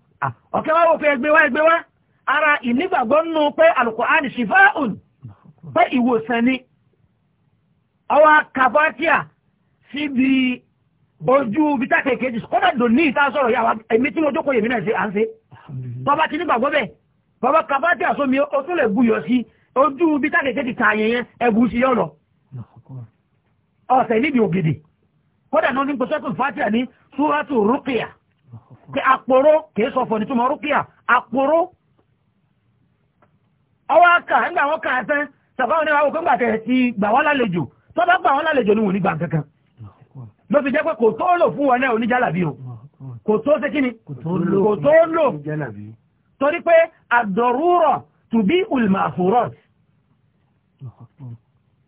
ọ̀kẹ́ ah, wá wò pé ẹgbẹ́ wá ẹgbẹ́ wá ara ìnígbàgbọ́ nínú pé Al-Qur'an shifaa'un pé ìwòsàn ni ọwọ́ kàbátíà síbi ojú ibi tákè kejì kọ́dà dòní ìta sọ̀rọ̀ yà wá èmi tí mo jókòó yèmí náà ṣe à ń ṣe bàbá ti nígbàgbọ́ bẹ́ẹ̀ bàbá kàbátíà sómi ó tún lè buyọ̀ sí ojú ibi tákè kejì ta àyẹ̀yẹn ẹ̀bù sí yọ̀ lọ ọ̀sẹ̀ níbi ògidì kọ́dà náà ní pẹ̀sẹ́kùn fátíà ní súrátù rúkìá pé àpòró kìí sọ fọ̀ nítumọ̀ rúkìá àpòró ọwọ́ aka nígbà wọn kà ẹsẹ̀ sàfáwọn ní àwọn òkèǹgbà tẹ̀ ti gbà wọ́n lálejò tó bá gbà wọ́n lálejò ni wọ́n ní gbà kankan ló fi jẹ́ pé kò tó lò fún wọn náà oníjàlábí o kò tó ṣe kíni kò tó lò torí pé àdọ̀rúrọ̀ tùbí ulmàfúrọ̀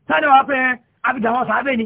sani wàá pé abidjan wọn sàábẹ́ ni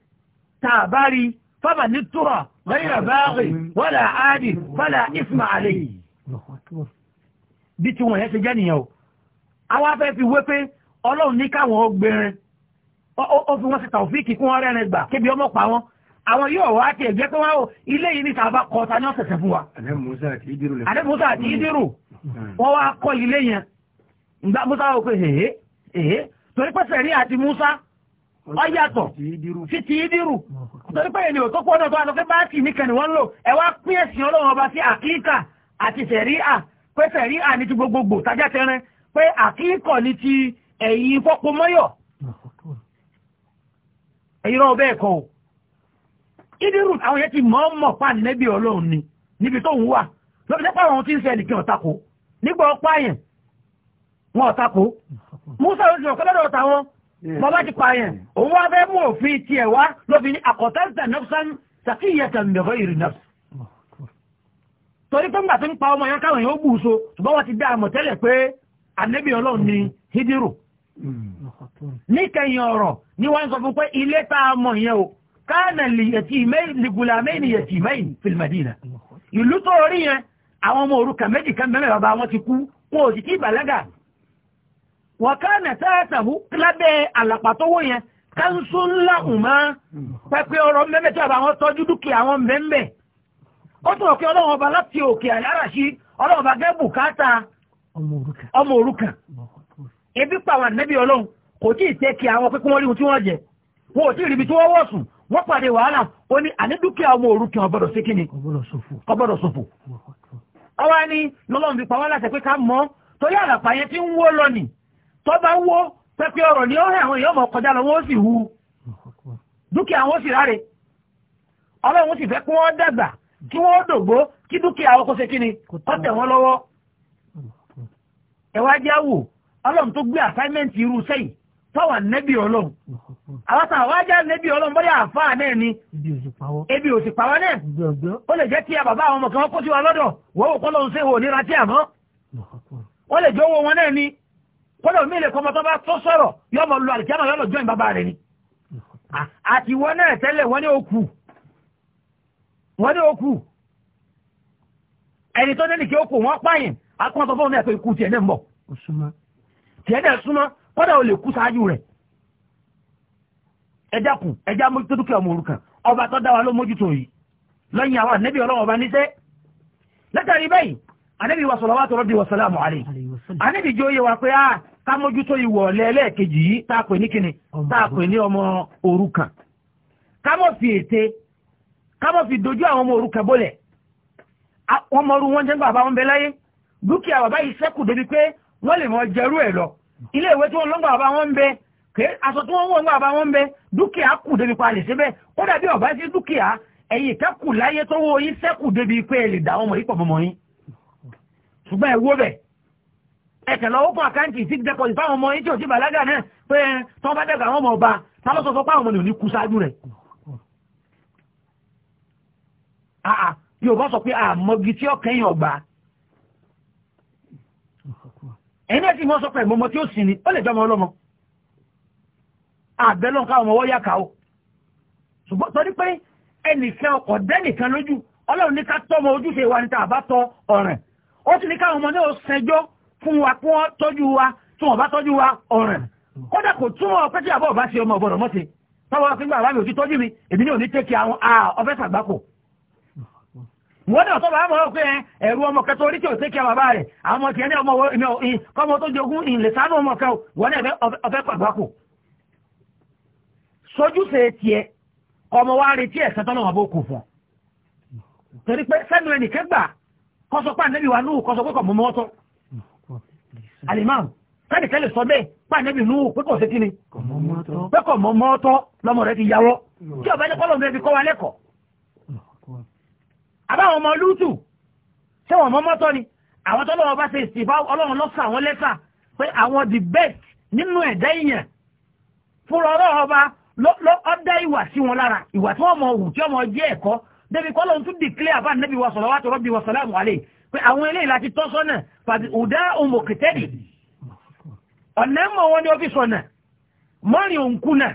tàbárí fábà ní tura lẹ́yìn àbáàrí wọ́là áàdì fọ́là ìfìmà àlẹ́ yìí bí tí wọ́n yẹn ti jẹ́ nìyẹn o àwọn afẹ́ fi wé pé ọlọ́run ní káwọn ọgbẹ̀rin ó fi wọ́n sí tàwọ́fíìkì kún ọrẹ́ rẹ̀ gbà kébi ọmọ pa wọn àwọn yóò wá ti ẹ̀gbẹ́ pé wọ́n ó ilé yìí ní tàbá kọ ta ní ọ̀sẹ̀sẹ̀ fún wa àdé Musa àti Idiru wọ́n wá kọ́ ilé yẹn ìgbà Musa ó pé èhé èhé rí àti Musa ọyàtọ̀ sí ti ìdírù torí pé ènìyàn tó pọ̀ náà tó àlọ́kẹ́ bá lo ní kẹni wọ́n lò ẹ wá pín ẹ̀sìn ọlọ́run ọba sí àkíkà àti pé ní ti gbogbogbò tájá tẹrẹ pé àkíkọ̀ ní ti ẹ̀yìn fọ́pọmọ́yọ̀ ẹ̀yìn ọbẹ̀ ẹ̀kọ́ ìdírù àwọn yẹn ti mọ̀ mọ̀ pa nẹ́bí ọlọ́run ni níbi tó ń wà lọ́bi àwọn tí ń sẹ́ bọ́bá ti pààyàn òun wá bẹ́ẹ̀ mú òfin ti ẹ̀ wá lóbi ní àkọ́tẹ́sẹ̀ nọ́fṣán sàkíyẹ̀tẹ̀ mẹ́fọ́ ìrì nọ́fṣ torí pé ńgbà tó ń pa ọmọ yẹn káwọn yóò bù so ṣùgbọ́n wọ́n ti dá àmọ̀ tẹ́lẹ̀ pé ànẹ́bí ọlọ́run ni hídírù níkẹyìn ọ̀rọ̀ ni wọ́n sọ fún pé ilé tá a mọ̀ yẹn o káànà lìgùlàmẹ́ni yẹtìmẹ́yìn fìlìmẹ́dínà ìlú tó orí yẹn àwọn ọmọ òrukàn méjì kan mẹ́mẹ́ bàbá wọn ti kú wọn ò sì kí ìbàlágà wọ̀kánà tẹ́ẹ̀tẹ̀hú lábẹ́ àlàpàtówó yẹn káńsó ńlá ùmá pẹ́pẹ́ ọ̀rọ̀ mẹ́mẹ́ tí àbáwọn tọ́jú dúkìá wọn mẹ́mẹ́ ó tún ọ̀kẹ́ ọlọ́run ọba láti òkè àyáràṣí ọlọ́run ọba gẹ́bù káàtà ọmọ òrukàn ebi pa àwọn ànẹ́bí ọlọ́run kò tí ì tẹ́kì àwọn pípẹ́ wọn ríhun tí wọ́n jẹ wọn ò tí ì ríbi tí wọ́n wọ̀ sùn wọ́n pàdé wàhálà ó ní àní dúkìá ọmọ òrukàn ọgbọ́dọ̀ sí kíni ọgbọ́dọ̀ ṣòfò ọwọ́ ni lọ́lọ́run fi pa wọ́n láti pé ká mọ́ torí àlàpà yẹn ti ń wó lọ́nìí tó bá wó pẹ́pẹ́ ọ̀rọ̀ ní ọ̀rẹ́ àwọn èèyàn mọ̀ kọjá lọ wọ́n sì hu dúkìá wọn sì ráre ọlọ́run sì fẹ́ kún wọ́n dàgbà kí wọ́n dògbó kí dúkìá kó kíni wọ́n lọ́wọ́ ọlọ́run tó gbé assignment irú sẹ́yìn tọ́wà nẹ́bí ọlọ́run àwọn sàn nẹ́bí ọlọ́run ni ebi ò sì pàwọ́ náà ó lè jẹ́ a bàbá àwọn ọmọ kó sí wa lọ́dọ̀ wọ́n kọ́ kọ́dọ̀ mí lè kọ́ ọmọ tó bá tó sọ̀rọ̀ yọ ọmọ lu àlìkíyàmọ̀ yọ lọ jọ́ ìbábá rẹ̀ ni àti wọn náà tẹ́lẹ̀ wọ́n ní òkú wọ́n ní òkú ẹni tó dẹ́nì kí ó kò wọ́n pààyàn akọ́ tó fọ́n náà pé ikú tiẹ̀ náà ń bọ̀ tiẹ̀ náà súnmọ́ kọ́dọ̀ ò lè kú sáájú rẹ̀ ẹ dákun ẹ já mójútó dúkìá ọmọ òrukàn ọba tó dá wa ló mójútó yìí lọ́yìn àwọn ànẹ́bí ọlọ́wọ́ ọba níṣẹ́ látàrí báyìí ànẹ́bí wa salawatu rabbi wa salamu alayhi ànẹ́bí jó yẹ wa pé ah ká mójútó ìwọ̀ lẹ́ẹ̀kejì yìí tá a pè ní kíni tá a pè ní ọmọ òrukàn ká mọ̀ fi ète ká mọ̀ fi dojú àwọn ọmọ òrukàn bólẹ̀ wọ́n mọ̀rú wọ́n jẹ́ bàbá wọn bẹ láyé dúkìá bàbá yìí sẹ́kù débi pé wọ́n lè mọ jẹrú ẹ̀ lọ ilé ìwé tí wọ́n lọ́ngbà bàbá wọn bẹ kè aṣọ tí wọ́n wọ̀ bàbá wọn bẹ dúkìá kù débi pa lè ṣe bẹ́ẹ̀ ó dàbí ọ̀bá sí dúkìá ẹ̀yìn ìkẹ́kù láyé tó wọ́ yín sẹ́kù débi pé ẹ lè dà ọmọ yìí pọ̀ mọ́mọ́ yín ṣùgbọ́n ẹ wó bẹ́ẹ̀ ẹ̀kẹ̀ lọ ókùn àkáǹtì six deposit fáwọn ọmọ yìí tí ò sí bàlágà náà pé tán bá dẹ̀gbà àwọn ọmọ ọba tálọ́sọ̀sọ́ pàwọn ọmọ ní kú sáájú rẹ̀ àà yóò bá sọ pé àmọ́gi tí ọkẹ́yìn ọgbà ẹni ẹ̀sìn mọ́ sọ pé ẹ̀mọ́mọ́ tí ó sì ní ó lè jọmọ ọlọ́mọ àbẹ́lọ́n káwọn ọmọ wọ́yá kàó ṣùgbọ́n torí pé ẹnìkan ọkọ̀ dẹ́nìkan lójú ọlọ́run ní ká tọ́mọ ojúṣe wa níta àbátọ ọ̀ràn ó sì ní káwọn ọmọ náà ṣẹjọ́ fún wa kí wọ́n tọ́jú wa tí wọ́n bá tọ́jú wa ọ̀ràn kódà kò túmọ̀ pé tí àbọ̀ ọba ṣe ọmọ ọ̀bọ̀dọ̀ mọ́sí tọ́wọ́ wá pínpín àbámi òtí tọ́jú mi èmi ní òní tẹ́kì àwọn ọbẹ̀ sàgbákò wọ́n dẹ̀ ọ̀tọ́bà àmọ́ pé ẹ̀rù ọmọ kẹtọ orí tí ò tẹ́kì bàbá rẹ̀ àwọn ọmọ tiẹ̀ ní ọmọ kọmọ tó jogún ìlẹ̀ sánú ọmọ kẹ wọ́n dẹ̀ ọbẹ̀ pàgbákò sojúṣe tiẹ̀ ọmọ wa retí ẹ̀sẹ̀ tọ́nà wọn bó kù fún torí pé sẹ́nu ẹnì kẹgbà kọ́sọ́pá nẹ́bí wa nù kọ́sọ́pọ̀ kọ̀ mọ́mọ́tọ́ alimam kẹ́nìkẹ́lì sọ bẹ́ẹ̀ pàdébì nú pé kò sí kí ni pé kò mọ́ mọ́ tọ́ lọ́mọ rẹ ti yàwọ́ tí ọba ẹni kọ́lọ̀ mẹ́rin kọ́ wa lẹ́kọ̀ọ́ àbáwọn ọmọ lútù ṣé wọn mọ́ mọ́ tọ́ ni àwọn tó lọ́wọ́ bá ṣe ìsìnbá ọlọ́run lọ́sàn àwọn lẹ́tà pé àwọn the best nínú ẹ̀dá èèyàn fúnra ọlọ́run ọba ló ọdá ìwà sí wọn lára ìwà tí wọ́n mọ̀ wù tí wọ́n mọ̀ jẹ́ ẹ̀kọ́ pé àwọn eléyìí láti tọ́ sọ́nà pàtí ọ̀dá òmòkìtẹ́dì ọ̀nà mọ̀ wọn ni ó fi sọ̀nà mọ́rin òǹkúnà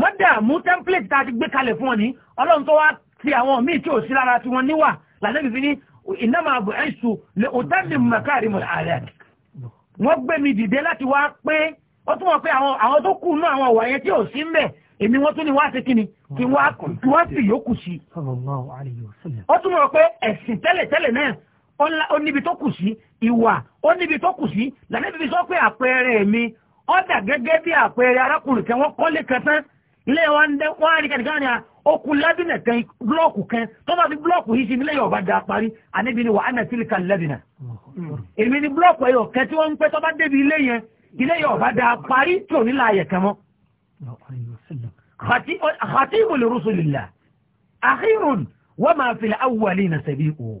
mọ́dà mú template tá a ti gbé kalẹ̀ fún ọ ní ọlọ́run tó wá ti àwọn míì tí ò sí lára tí wọ́n níwà lànàbí fi ní iná máa bọ̀ ẹ̀ṣù lè ọ̀dá ní mọ̀kárì mọ̀ ààrẹ èmi wọ́n tún ní wá sí kí ni kí wọ́n fi yòókù sí. ó tún wọ́n pé ẹ̀sìn tẹ́lẹ̀ tẹ́lẹ̀ náà ó níbi tó kù sí ìwà ó níbi tó kù sí lànàbí fi sọ pé àpẹẹrẹ mi ó dà gẹ́gẹ́ bí àpẹẹrẹ arákùnrin kan wọ́n kọ́lé kan tán ilé wa ń dẹ́ wọ́n á rí kẹ́kẹ́ ní okùn lábìnà kan blọ́ọ̀kù kan tó bá fi blọ́ọ̀kù yìí sí nílẹ̀ ọba da parí àníbi ni wà á nà sí ìka lábìnà èmi ni blọ́ọ̀kù ẹ̀yọ̀ kẹ́ tí wọ́n ń pẹ́ tó bá débi ilé yẹn ilé yẹn ọba da parí tí ò ní láàyè kan mọ́. khatibul rusulillah akhirun wa ma fil awwalina sabiqu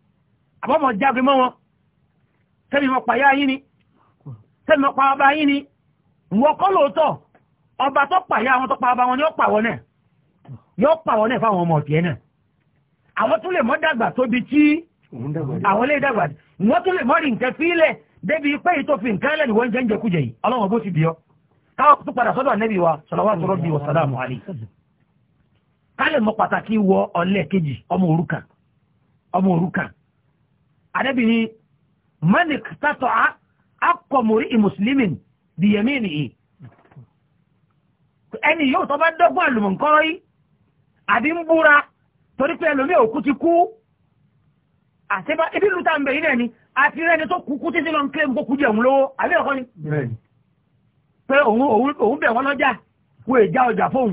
àbọ̀mọ̀ jágbe mọ́ wọn tẹ́mi mọ́ pàyà yín ni tẹ́mi mọ́ pa ọba yín ni wọ́n kọ́ lóòótọ́ ọba tó pàyà wọn tó pa ọba wọn ni ó pa wọn náà yóò pa wọn náà fáwọn ọmọ ọ̀tí náà àwọn tún lè mọ́ dàgbà tóbi tí àwọn lè dàgbà wọ́n tún lè mọ́ rí nǹkan fílẹ̀ débi pé ètò fi nǹkan lẹ́nu wọ́n jẹ́ ń yìí ọlọ́run bó ti bí ọ káwọn Ànábì ní mọ́nìk tátọ̀ akọ̀mùrí ìmùsùlùmí di yẹmí nìyí ẹni yóò tọ́ bá dọ́gbọ́n àlùmọ̀ǹkọ́rọ́ yìí àbí ń búra torí pé ẹlòmí òkú ti kú àṣebá ibi ìlú ń bẹ̀ yìí náà ni àti rẹni tó kú kú títí lọ ń ń lówó àbí ọkọ ni pé òun bẹ̀ wọ́n lọ́jà kó èjá ọjà fóun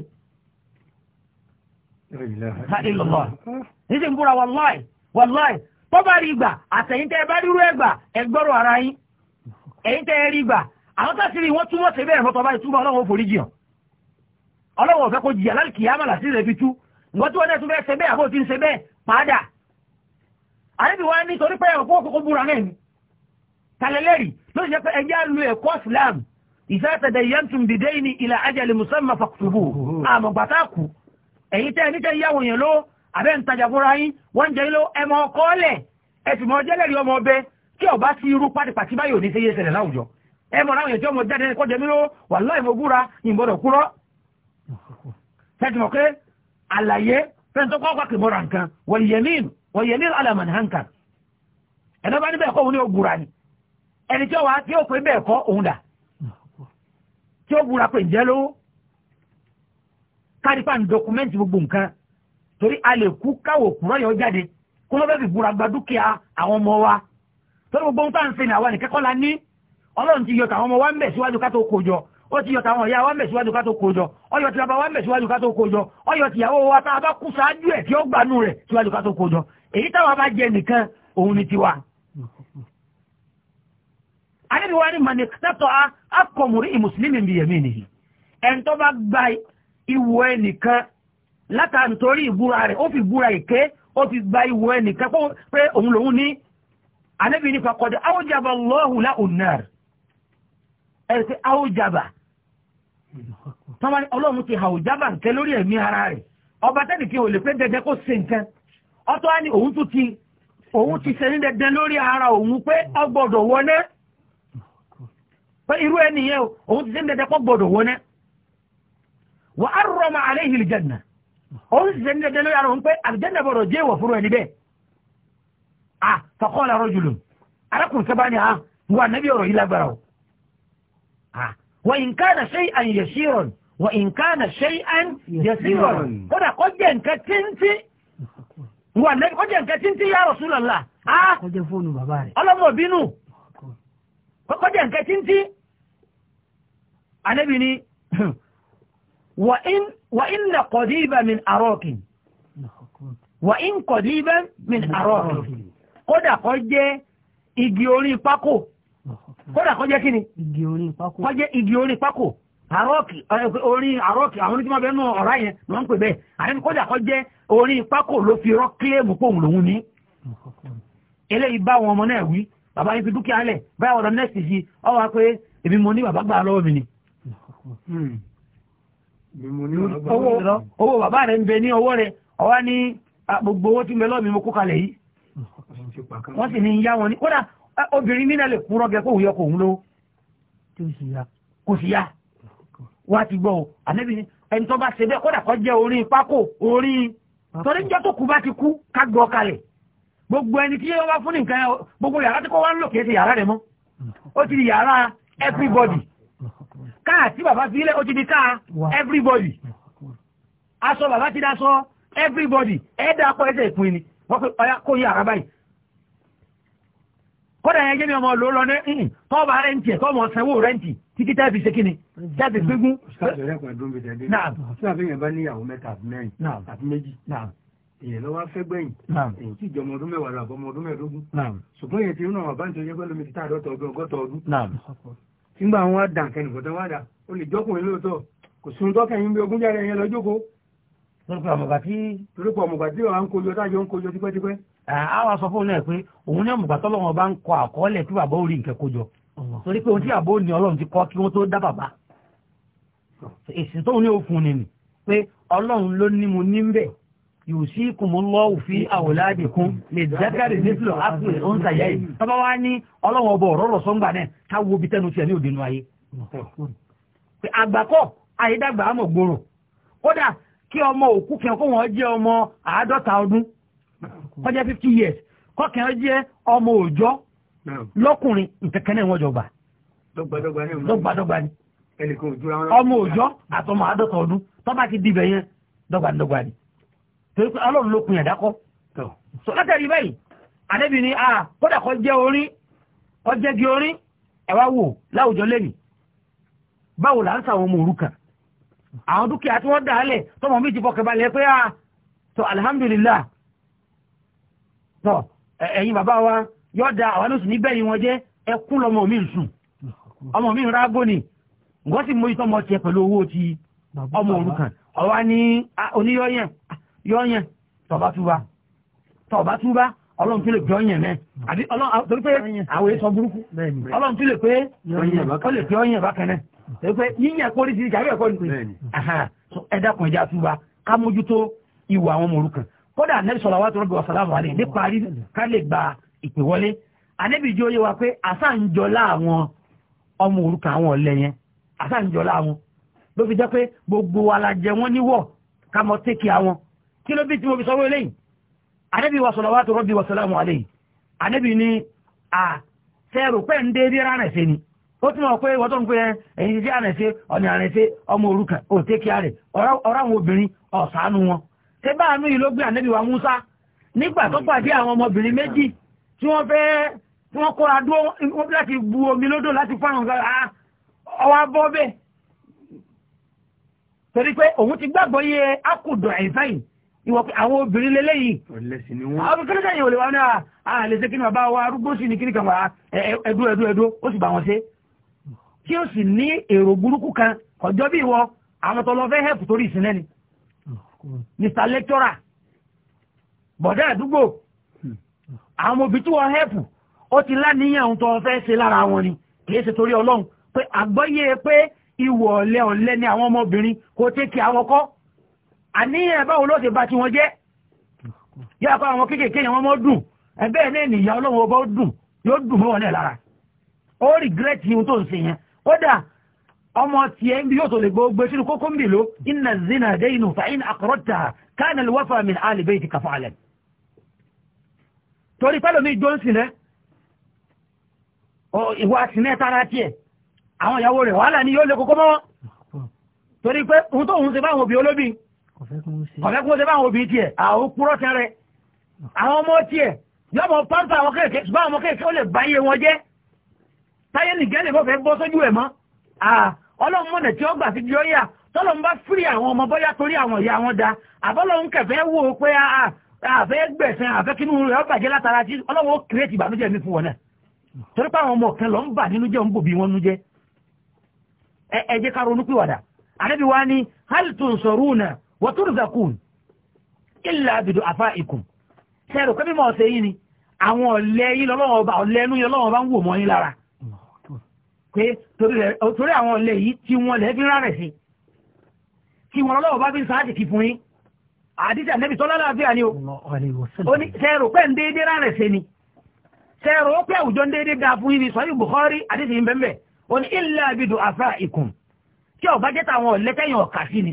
ń búra bó bá rí gbà àtẹ̀yìn tẹ́ ẹ bá rírú ẹ gbà ẹ gbọ́rọ̀ ara yín ẹ̀yìn tẹ́ ẹ rí gbà àwọn tàṣí rí wọ́n túmọ̀ sí bẹ́ẹ̀ fọ́tọ̀ báyìí túmọ̀ ọlọ́run òfòrí jìyàn ọlọ́run ọ̀fẹ́ kò jìyà láti kìyàmà láti rẹ̀ fi tú nǹkan tí wọ́n tẹ́tù bẹ́ẹ̀ ṣe bẹ́ẹ̀ àbó ti ń ṣe bẹ́ẹ̀ padà àríbi wa ní torí pé ọkọ̀ kókó búra náà ni talẹ́lẹ́rì ló ṣe pé ẹjẹ́ lu ẹ̀kọ́ Islam ìfẹ́sẹ̀dẹ̀ yẹntùn bìdẹ́ ni ilà ajẹ́lì musamman fàkùtùbù àmọ̀gbàtà kù ẹ̀yìn tẹ́ ẹni tẹ́ yàwó yẹn ló àbẹ́ ń tajà fúnra yín wọ́n ń jẹ ilé ẹmọ ọkọ ọlẹ̀ ẹtùmọ̀ ọjẹ́lẹ̀rí ọmọ ọbẹ̀ kí ọba ti irú pátipàtí báyìí ò ní ṣe yé ṣẹlẹ̀ láwùjọ ẹmọ ráwọn èèyàn tí ọmọ jáde kọjá mi ló wà láì ni ẹni tí ó wà tí ó pé bẹ́ẹ̀ kọ́ òun dà kárípà ní dọkumẹ́ntì gbogbo nǹkan torí a lè kú káwò kúrọ́ yọ jáde kó ló fẹ́ fi búra gba dúkìá àwọn ọmọ wa torí gbogbo ohun tá à ń ṣe ní àwa nìkẹ́kọ́ la ní ọlọ́run ti yọ tàwọn ọmọ wa ń bẹ̀ síwájú ká tó kó jọ ó ti yọ tàwọn ìyá wa ń bẹ̀ síwájú ká tó kó jọ ọyọ ti bàbá wa ń bẹ̀ síwájú ká tó kó jọ ọyọ tìyàwó wa tá a bá kú ṣáájú ẹ̀ tí ó gbanú rẹ̀ síwájú ká tó kó jọ èyí táwa bá jẹ nìkan òun ni tiwa àníbi wá ní mani tẹ́tọ́ akọmùrí ìmùsùlùmí bí yẹ̀mí nìyí ẹ̀ńtọ́ bá gba ìwọ látà nítorí ìbúra rẹ̀ ó fi búra ìké ó fi gba ìwò ẹnìkan pé òun lòun ní anẹ́bí ní fakọ́dẹ̀ áwòjàbà lọ́hùlá ònàr ẹ̀rì pé áwòjàbà tọ́wọ́n ọlọ́run ti hàwòjàbà nǹkan lórí ẹ̀mí ara rẹ̀ ọba tẹ́lẹ̀ kí o lè pé dẹ́dẹ́ kó ṣe nǹkan ọtọ́ á ní òun tún ti òun ti ṣe dẹ́dẹ́ lórí ara òun pé ọgbọ́dọ̀ wọná pé irú ẹnìyẹn òun ti ṣe dẹ́dẹ́ kó gbọ́dọ̀ wọná wà á rọmọ àlẹ́ ìhìlì jannah ó sì ṣe ní dédé lórí ara òun pé àlùjẹ́nà bọ̀rọ̀ jẹ́ ìwọ̀ fúru ẹni bẹ́ẹ̀ à fọkọ́ ọ̀la rọ́jùlù arákùnrin kẹba ni à wà nẹ́bí ọ̀rọ̀ yìí lágbára o wà nǹkan ṣe àn yẹ sí rọ̀n wà nǹkan ṣe àn yẹ sí rọ̀n kódà kó jẹ́ nǹkan tíntín wà nẹ́bí kó jẹ́ nǹkan tíntín yá Rasulullah kó jẹ́ fóònù bàbá rẹ̀ ọlọ́mọ bínú kó jẹ́ nǹkan tíntín وإن وإن قديبا من أراك وإن قديبا من أراك kódà kó jẹ́ فاكو orí pákó kódà kó jẹ́ kí ni igi orí pákó kó jẹ́ igi orí pákó àrọ́ọ̀kì orí àrọ́ọ̀kì àwọn oníjúmọ́ bẹ́ẹ̀ náà ọ̀rá yẹn ló ń pè bẹ́ẹ̀ àyẹ́ni kódà kó jẹ́ orí pákó ló fi rọ́ kílẹ̀mù pòun lòun ní eléyìí bá wọn ọmọ náà wí bàbá yìí fi dúkìá lẹ̀ báyà ọ̀dọ̀ nẹ́ẹ̀sì sí ọwọ́ pé èmi mo ní bàbá gbà lọ́wọ́ mi ni hmm owó bàbá rẹ̀ ń bẹ ní ọwọ́ rẹ̀ ọwá ní gbogbo owó tí ń bẹ lọ́ọ̀mí mo kó kalẹ̀ yìí wọ́n sì ní yá wọn ní kódà obìnrin mínà lè kúrọ́ gẹ kó òun yọ kó òun lówó kò sí yá wá ti gbọ́ ànábì ní ẹni tó bá ṣe bẹ́ẹ̀ kódà kọ́ jẹ́ orí pákó orí torí jẹ́ tó kú bá ti kú ká gbọ́ kalẹ̀ gbogbo ẹni tí wọ́n bá fún nìkan gbogbo yàrá tí kò wá ń lò kìí ṣe yàrá rẹ̀ mọ́ ó ti di yàrá everybody káà tí bàbá fi ilẹ̀ ó ti di káà everybody aṣọ bàbá ti dáṣọ everybody ẹ̀ẹ́dà akọ ẹsẹ̀ ìpín ni wọ́n fi ọya kó yí ara báyìí kódà yẹn jẹ́mi ọmọ lóòrọ̀ ní ìhìn hmm, tọ́ọ̀bà rẹ́ǹtì ẹ̀ tọ́ọ̀mọ̀ sanwó rẹ́ǹtì títí tẹ́ẹ̀fì ṣe kíni jáde gbígún. ṣáàtì rẹ̀ pẹ̀lú dùn bí dẹ́dẹ́ ṣáà fi yẹn bá níyàwó mẹ́ta àti mẹ́rin àti méjì èyàn lọ́wọ́ fẹ́ gbẹ̀yìn èyí tí ìjọmọ ọdún mẹ́wàá lọ àbọ̀mọ ọdún mẹ́ẹ̀ẹ́dógún ṣùgbọ́n èyí ti ń náà bá ń tó yẹ pẹ́lú mi ti tá àdọ́tọ̀ ọdún ọgọ́tọ̀ ọdún nígbà wọn dà kẹnìkọ̀tàn wọn dà ó lè jọ́kùnrin lóòótọ́ kò sí oúnjẹ kẹyìn bí ogún jáde yẹn lọ jókòó. torípọ̀ ọmọgbà tí. torípọ̀ ọmọgbà tí wọn ń kojọ tájọ ń kojọ tipẹ́tipẹ́. àwa sọ fún un náà pé òun ní ọmọgbà tọ́lọ́wọ́n bá ń kọ àkọọ́lẹ̀ tí bàbá orí nǹkan kojọ torí pé ohun tí àbó ni ọlọ́run ti kọ́ kí wọ́n tó dá bàbá. èsì tóun ní òfun ni pé ọlọ́run ló ní mo ní yusikumullahu fi awladikum lè zákàrí nítorí ápùlẹ̀ ó ń sàyà yìí tọ́bá wá ní ọlọ́wọ́ ọbọ̀ rọ́rọ̀ sọ́ngbà náà táwo bí tẹ́nu tiẹ̀ ní òdenu ayé àgbàkọ́ àyédàgbà àmọ̀ gbòòrò kódà kí ọmọ òkú kẹ́ kó wọ́n jẹ́ ọmọ àádọ́ta ọdún kọjá fifty years kọ́kẹ́ ọ jẹ́ ọmọ òòjọ́ lọ́kùnrin nkẹ́kẹ́ náà wọ́n jọ gbà dọ́gbadọ́gba ni ọmọ òòjọ́ àtọmọ torí pé ọlọ́run ló kun so báyìí àdébì ni ah kódà orin kọ́ jẹ́ gi orin ẹ wò láwùjọ lẹ́yìn báwo là ń sàwọn ọmọ òrukàn àwọn dúkìá tí wọ́n dà tọmọ mi ti a balẹ̀ pé alhamdulillah so ẹ̀yin bàbá wa yóò da àwọn oṣù níbẹ̀ ni wọ́n jẹ́ ẹkún lọmọ mi sùn ọmọ mi mo yí tọmọ tiẹ̀ pẹ̀lú owó ti ọmọ yọ́yàn tọ̀bá túbá tọ̀bá túbá ọlọ́run tó lè pé ọyàn náà àbí ọlọ́run tó lè pé àwọn èso burúkú ọlọ́run tó lè pé ọyàn bákan náà tó pé yíyàn kórìí sí ìjà bẹ́ẹ̀ kọ́ ni ẹ̀dá kan ẹja túbá ká mójútó ìwà àwọn ọmọ òrukàn kódà anẹ́bí sọ̀rọ̀ àwọn àtọ́rọ̀bì ọ̀sàlámù alẹ́ ní parí ká lè gba ìpè wọlé anẹ́bí jẹ́ oyé wa pé àsáǹjọlá àwọn ọmọ òrukàn àwọn ọ̀lẹ yẹn àsáǹjọlá àwọn ló fi jẹ́ pé gbogbo wa la jẹ wọ́n níwọ̀ ká mọ tẹ́kì àwọn kí ló bí tí mo fi sọwọ́ eléyìí anábì wa salawatu rabbi wa salamu alayhi anábì ni à sẹ́rù pẹ́ ń dé rí ara ẹ̀sẹ̀ ni ó túnmọ̀ pé wọ́n tó ń pè ẹ́ ẹ̀yìn sí àrẹ̀sẹ̀ ọ̀nà àrẹ̀sẹ̀ ọmọ òrukàn òtẹ́kì àrẹ̀ ọ̀rọ̀ àwọn obìnrin ọ̀sánú wọn ṣé bá àánú yìí ló gbé ànábì wa Musa nígbà tó pàdé àwọn ọmọbìnrin méjì tí wọ́n fẹ́ tí wọ́n kóra dúró láti bu omi lódò láti fáwọn ọwọ́ abọ́ bẹ́ẹ̀ torí pé òun ti gbàgbọ́ yẹ akùdọ̀ ẹ̀fẹ́ yìí ìwọ̀ àwọn obìnrin lélẹ́yìn àwọn kẹ́lẹ́kẹ́ yìí ò lè wá ní àlèṣe kí ni bàbá wa arúgbó sí ni kí ni kàn wá ẹdú ẹdú ẹdú ó sì bá wọn ṣe kí ó sì ní èrò burúkú kan kọjọ́ bí ìwọ àwọn tó lọ fẹ́ hẹ́pù torí ìsinẹ́ ni mr lecturer bọ̀dá àdúgbò hmm. àwọn òbí tí wọ́n hẹ́pù ó ti láníyàn ohun tó fẹ́ ṣe lára wọn ni kìí ṣe torí ọlọ́run pé àgbọ́yé pé ìwọ̀ ọ̀lẹ́ ọ̀lẹ́ ni àwọn ọmọbìnrin kò tẹ́ kí àwọn kọ́ àníyàn báwo ló ti ba ti wọn jẹ́ yóò kọ́ àwọn kéékèèké yẹn wọ́n mọ́ dùn ẹgbẹ́ ní ènìyàn ọlọ́run ọba ó dùn yóò dùn mọ́ wọn náà lára ó regret yìí ń ṣe zina daynu fa in kana al-wafa min ali baytika fa'lan torí pẹ́lòmí johnson rẹ̀ ìwà sinẹ́ tara tiẹ̀ àwọn ìyàwó rẹ̀ wàhálà ni yóò lè kókó mọ́ torí pé òun tó òun ṣe báwọn òbí olóbi kọ̀fẹ́ kún ó ṣe báwọn obì tiẹ̀ àwọn púrọ́ ti rẹ̀ àwọn ọmọ tiẹ̀ yọ́mọ pàmpà àwọn kéèkéé ṣùgbọ́n àwọn kéèkéé ó lè báyé wọn jẹ́ táyé nìgẹ́ lè fọ́fẹ́ bọ́ sójú ẹ̀ mọ́ ọlọ́run mọ̀nà tí ó gbà sí jọ́yà tọ́lọ́run bá fírí àwọn ọmọ bọ́yá torí àwọn da àbọ́lọ́run kẹfẹ́ wò ó pé àfẹ́ gbẹ̀sẹ̀ àfẹ́ kínú rẹ̀ bàjẹ́ látara tí ọlọ́run ó kéré ìbànújẹ́ wọn náà torí pé àwọn ọmọ nínú jẹ́ ń bòbí wa turzakun illa bidu afaikum sẹ́rù pé mímọ̀ ọ̀sẹ̀ yìí ni àwọn ọ̀lẹ́ yìí lọ́wọ́ ọba ọ̀lẹ́ ẹnu yìí lọ́wọ́ ọba ń wò mọ́ yín lára pé torí àwọn ọ̀lẹ́ yìí tí wọ́n lẹ́ fi rárẹ̀ sí tí wọ́n lọ́wọ́ ọba fi sáájì kì fún yín àdíjà nẹ́bí tọ́lá láàfíà ni ó ní sẹ́rù pé ń déédé rárẹ̀ sí ni sẹ́rù ó pé àwùjọ ń déédé dáa fún yín ni sọ́yìn Bukhari àdíjà yìí bẹ́ẹ̀ ó ní illa bidu afaikum tí ọ̀bá jẹ́ta àwọn ọ̀lẹ́ ọ̀kà sí ni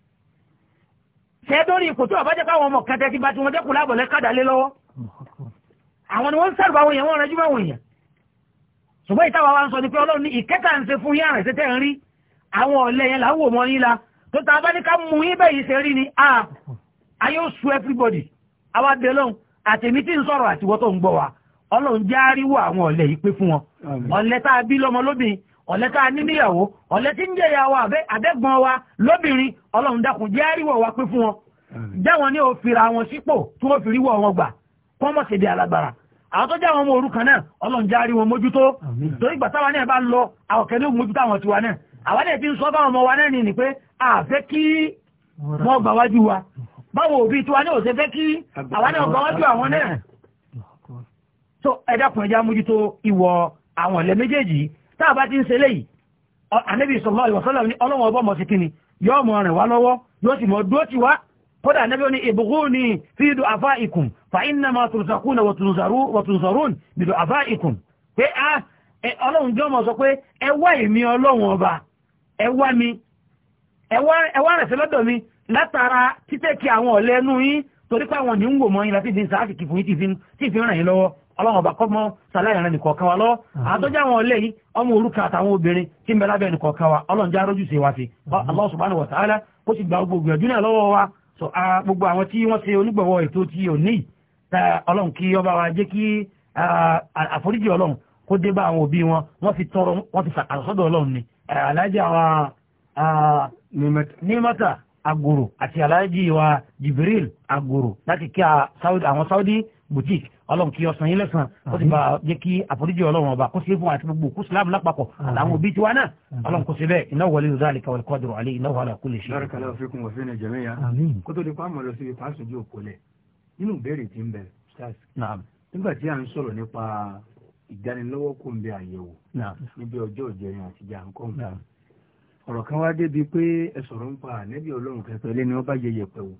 ṣe dórí ipò tó àbájẹ́ káwọn ọmọ kẹtẹ ti bá tí wọ́n jẹ́kù lábọ̀lẹ́ kádàlé lọ́wọ́ àwọn ni wọ́n ń sẹ́rù àwọn èèyàn wọ́n rẹjú báwọn èèyàn ṣùgbọ́n ìtawà wa ń sọ ni pé ọlọ́run ní ìkẹta ń ṣe fún yàrá ìṣẹ́tẹ̀ ń rí àwọn ọ̀lẹ́ yẹn làwọ̀ mọ́ yín la tó ta bá ní ká mú yín bẹ́ẹ̀ yìí ṣe rí ni a a yóò su everybody àwa bẹ lọ́hùn àtẹ̀mí tí ń sọ̀rọ̀ àtiwọ́ tó ń gbọ́ wa ọlọ́run járíwọ̀ àwọn ọ̀lẹ́ yìí pé fún wọn ọ̀lẹ́ tá a bí lọ́mọ lóbìn ọ̀lẹ́ tá a ní níyàwó ọ̀lẹ́ tí ń jẹ́ ìyàwó àbẹ́gbọ́n wa lóbìnrin ọlọ́run dákun jẹ́ àríwọ̀ wa pé fún wọn jáwọn ní òfìrà wọn sípò tí wọ́n fi ríwọ̀ wọn gbà kọ́mọ̀ ṣèdè alágbára àwọn tó jáwọn ọmọ òrukàn náà ọlọ́run jẹ́ àríwọ̀ mójútó torí ìgbà táwa náà bá ń lọ àwọn kẹ́lẹ́ mójútó àwọn tiwa náà àwa náà ti ń sọ báwọn ọmọ wa náà ni pé àfẹ́ kí wọ́n gbà wájú wa báwo òbí tiwa náà ò ṣe fẹ́ kí àwa náà gbà wájú àwọn náà so ẹ dákun ẹ jẹ́ àmójútó ìwọ àwọn ọ̀lẹ́ méjèèjì táà bá ti ń ṣe léyìí ànábì sallallahu alaihi wasallam ní ọlọ́wọ́ ọgbọ́ mọ̀ sí kíni yóò mọ̀ rìn wá lọ́wọ́ yóò sì mọ̀ dúró ti wá kódà ànábì ní ibghuni fi du'afaikum fa innama turzaquna wa tunsarun bi du'afaikum pé a ọlọ́run jọ́ mọ̀ sọ pé ẹ wá èmi ọba ẹ mi ẹ rẹ̀ sí mi látara títẹ́kì àwọn ọ̀lẹ́nu yín torí pé àwọn ń wò mọ́ yín láti fi sáà ọlọ́run ọba kọ́mọ sàlàyé nìkọ̀ọ̀kan wa lọ́wọ́ àtọ́jú àwọn ọlẹ́ yìí ọmọ òrukàn àtàwọn obìnrin tí ń bẹ lábẹ́ nìkọ̀ọ̀kan wa ọlọ́run já rójú sí wa sí Allah subhanahu wa ta'ala kó sì gba gbogbo ìgbìyànjú náà lọ́wọ́ wa sọ gbogbo àwọn tí wọ́n ṣe onígbọ̀wọ́ ètò tí ò ní ọlọ́run kí ọba wa jẹ́ kí àforíjì ọlọ́run kó dé bá àwọn òbí wọn wọ́n fi tọrọ wọ́n fi sàkàlọ́sọ́dọ̀ ọlọ́run ni aláàjì àwa nímọ́tà àgòrò àti aláàjì wa Jibril àgòrò láti kí àwọn Saudi boutique ọlọ́run kí ọsàn yín lẹ́sàn ó ti bá jẹ́ kí àforíjì ọlọ́run ọba kó sí fún àti gbogbo kó síláàmù lápapọ̀ àtàwọn òbí tiwa náà ọlọ́run kó sí bẹ́ẹ̀ iná wọlé ló dáa lè kàwé kọ́dùrọ̀ alẹ́ iná wàhálà kó lè ṣe. lọ́rọ̀ kalẹ́ òfin kún òfin ẹ̀jẹ̀ mẹ́ya kó tó di pa àmọ́ lọ síbi pàṣẹ ojú òkò lẹ̀ nínú ìbéèrè tí ń bẹ nígbà tí à ń sọ̀rọ̀ nípa ìdánilọ́wọ́ kò ń bẹ àyẹ̀wò níbi ọjọ́ ìjẹrin àti jàǹkọ́n ọ̀rọ̀ kan wá débi pé ẹ sọ̀rọ̀ ń pa ànẹ́bí ọlọ́run kẹfẹ́ lẹ́ni wọ́n bá yẹ yẹpẹ̀ wò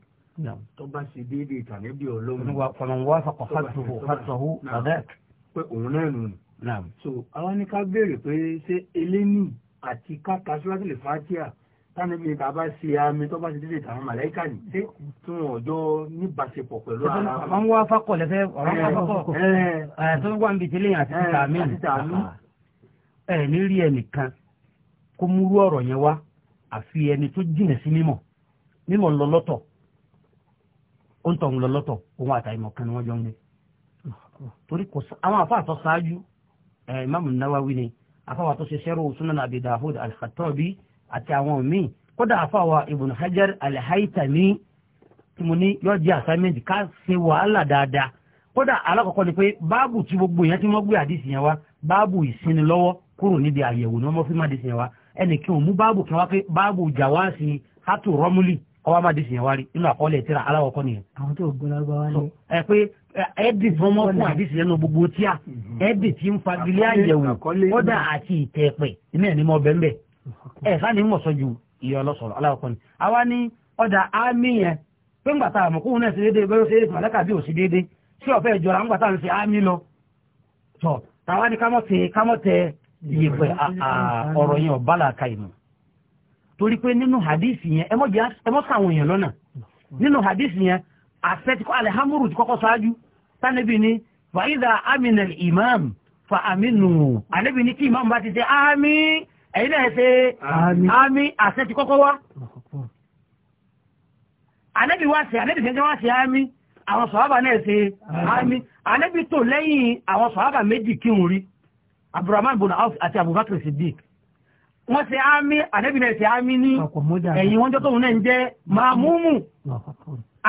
tó bá ṣe déédéé tàbí ọlọ́run. wà fọlọ́n wá fọkàn fàtòhù fàtòhù ọ̀dẹ́k. pé òun náà nù. so àwọn ní ká béèrè pé ṣé eléni àti káka síwájú lè fàájìá táwọn ibi ìta bá ṣe àmì tó bá ṣe déédéé tàwọn màláìka ni ṣé tí wọn ọjọ́ níbàṣepọ̀ pẹ̀lú ara wọn. àwọn wá fakọ̀ lẹ́fẹ̀ẹ́ ọ̀rọ̀ wá fakọ̀. ẹ̀ tó wà níbi ìdílé àti tààmì. ẹ̀ ní rí ẹnìkan kó múrú ọ̀rọ̀ yẹn wá àfi ẹni tó jìnà sí mímọ̀ mímọ̀ lọ ó ń tọ̀hún lọ lọ́tọ̀ òun àtàìmọ̀ kan ni wọ́n jọ ń lé torí kò àwọn àfáà tó ṣáájú Imam Nawawi ni àfáà tó ṣe sẹ́rù Sunan Abi Dawud al-Khattabi àti àwọn míì kódà àfáà Ibn Hajar al-Haytami tí mo ní yóò jẹ́ assignment ká ṣe wàhálà dáadáa kódà alákọ̀ọ́kọ́ ni pé báàbù tí gbogbo èèyàn tí wọ́n gbé àdìsí yẹn wá báàbù ìsinmi lọ́wọ́ kúrò níbi àyẹ̀wò ni wọ́n mọ́ fi má àdìsí yẹn wá ẹnì kí òun mú báàbù kí wọ́n wá pé báàbù jàwáàsì hátù rọ́múlì ọwọ́ amádìsí yẹn wá rí nínú àkọọ́lẹ̀ tíra aláwọ̀kọ́ nìyẹn. àwọn tó gbọ́dọ̀ gbọ́ ẹ pé fún àdìsí yẹn gbogbo tíà a mhm. tí ń fagilé àyẹ̀wò kọ́dà àti ìtẹ̀pẹ̀ iná ẹ̀ ní mọ bẹ́ẹ̀ bẹ́ẹ̀ ni. àwa ní ọjà ámì yẹn pé ńgbà tá àmọ́ kóhun náà ṣe déédéé bẹ́ẹ̀ ṣe ò ni torí pé nínú hadith yẹn ẹ mọ́ sàwọn èèyàn lọ́nà nínú hadith yẹn àfẹ́tikọ́ alhamuru ti kọ́kọ́ sáájú tánibí ni fàídà amina imam fa aminu alẹ́bí ni kí imam bá ti ṣe àmì ẹ̀yìn náà ṣe àmì àṣẹ ti kọ́kọ́ wá alẹ́bí wá ṣe alẹ́bí ṣe wá ṣe àmì àwọn sọ̀hábà náà ṣe àmì alẹ́bí tó wọ́n ti ámì ànẹ́bìnà ti ámì ní ẹ̀yìn wọ́n jọ́ tóun náà ń jẹ́ màmúmù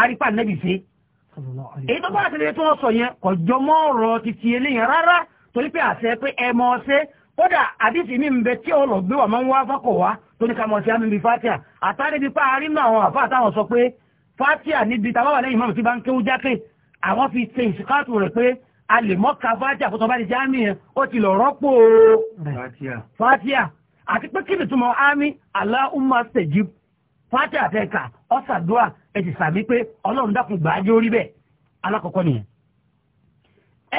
arípa ànẹ́bì ṣe èyí tó bá àtẹlẹ tó wọ́n sọ yẹn kò jọ mọ́ ọ̀rọ̀ títí eléyìn rárá torí pé àṣẹ pé ẹ mọ ọṣẹ kódà àdìsí mi ń bẹ tí ọ̀rọ̀ gbé wà máa ń wá fọ́kọ̀ tó ní ká mọ̀ sí àmì bíi fatia àtàrí bíi pa àárín náà àwọn àfa àtàwọn sọ pé fatia níbi táwa wà lẹ́yìn mọ́mù tí bá ń kéwú jákè àwọn fi ṣe ìsìkáàtù rẹ̀ pé a lè mọ́ ka fatia fún tọ́ba ti jámì yẹn ó ti lọ rọ́pò fatia àti pé kí ni túmọ̀ ámì aláhùnmá sẹ̀jì fati àtẹ̀ka ọ̀sàdúà ẹ̀sì sàmí pé ọlọ́run dákun gbàájú orí bẹ́ẹ̀ alákọ̀ọ́kọ́ nìyẹn.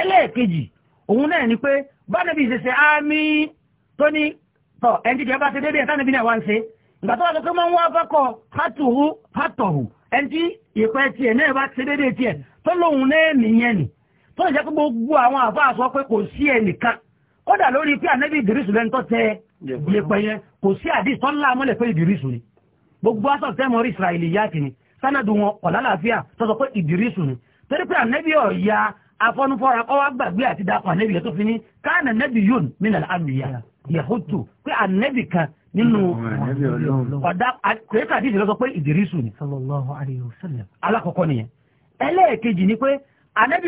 ẹlẹ́ẹ̀kejì òun náà ni pé bánàbí ṣe ṣe ámì tó ní tọ̀ ẹni tí kìí bá ṣe déédéé ẹ̀ tánàbí náà wá ń ṣe ìgbà tó wà lókè máa ń wá fẹ́kọ̀ hátùhù hátọ̀hù ẹni tí ìpẹ́ tiẹ̀ náà bá ṣe déédéé tiẹ̀ tó lóun náà nìyẹn nì tó ìjẹ́ pé gbogbo àwọn àbá àṣọ pé kò sí ẹnìkan kódà lórí pé ànẹ́bí ìdírísù lẹ́ntọ́ tẹ yẹpẹ yẹn kò sí àdìs tó ńlá amọ́lẹ̀ pé ìdírísù ni gbogbo aṣọ tẹ́mọ̀ rí ìsirahìlì yá kìíní sánàdù wọn ọ̀làlàáfíà tó sọ pé ìdírísù ni torí pé ànẹ́bí ọ̀ya afọ́nufọ́ra kọ́ wá gbàgbé àti dapò ànẹ́bí yẹn tó fi ní káànà nẹ́bí yóòn nínú àmìyá yẹ̀hótù pé ànẹ́bí kan nínú ọ̀dà kìrẹ́kà àdìs lọ sọ pé ìdírísù ni. alákọ̀ọ́kọ́ nìyẹn ẹlẹ́ẹ̀kejì ni pé ànẹ́bí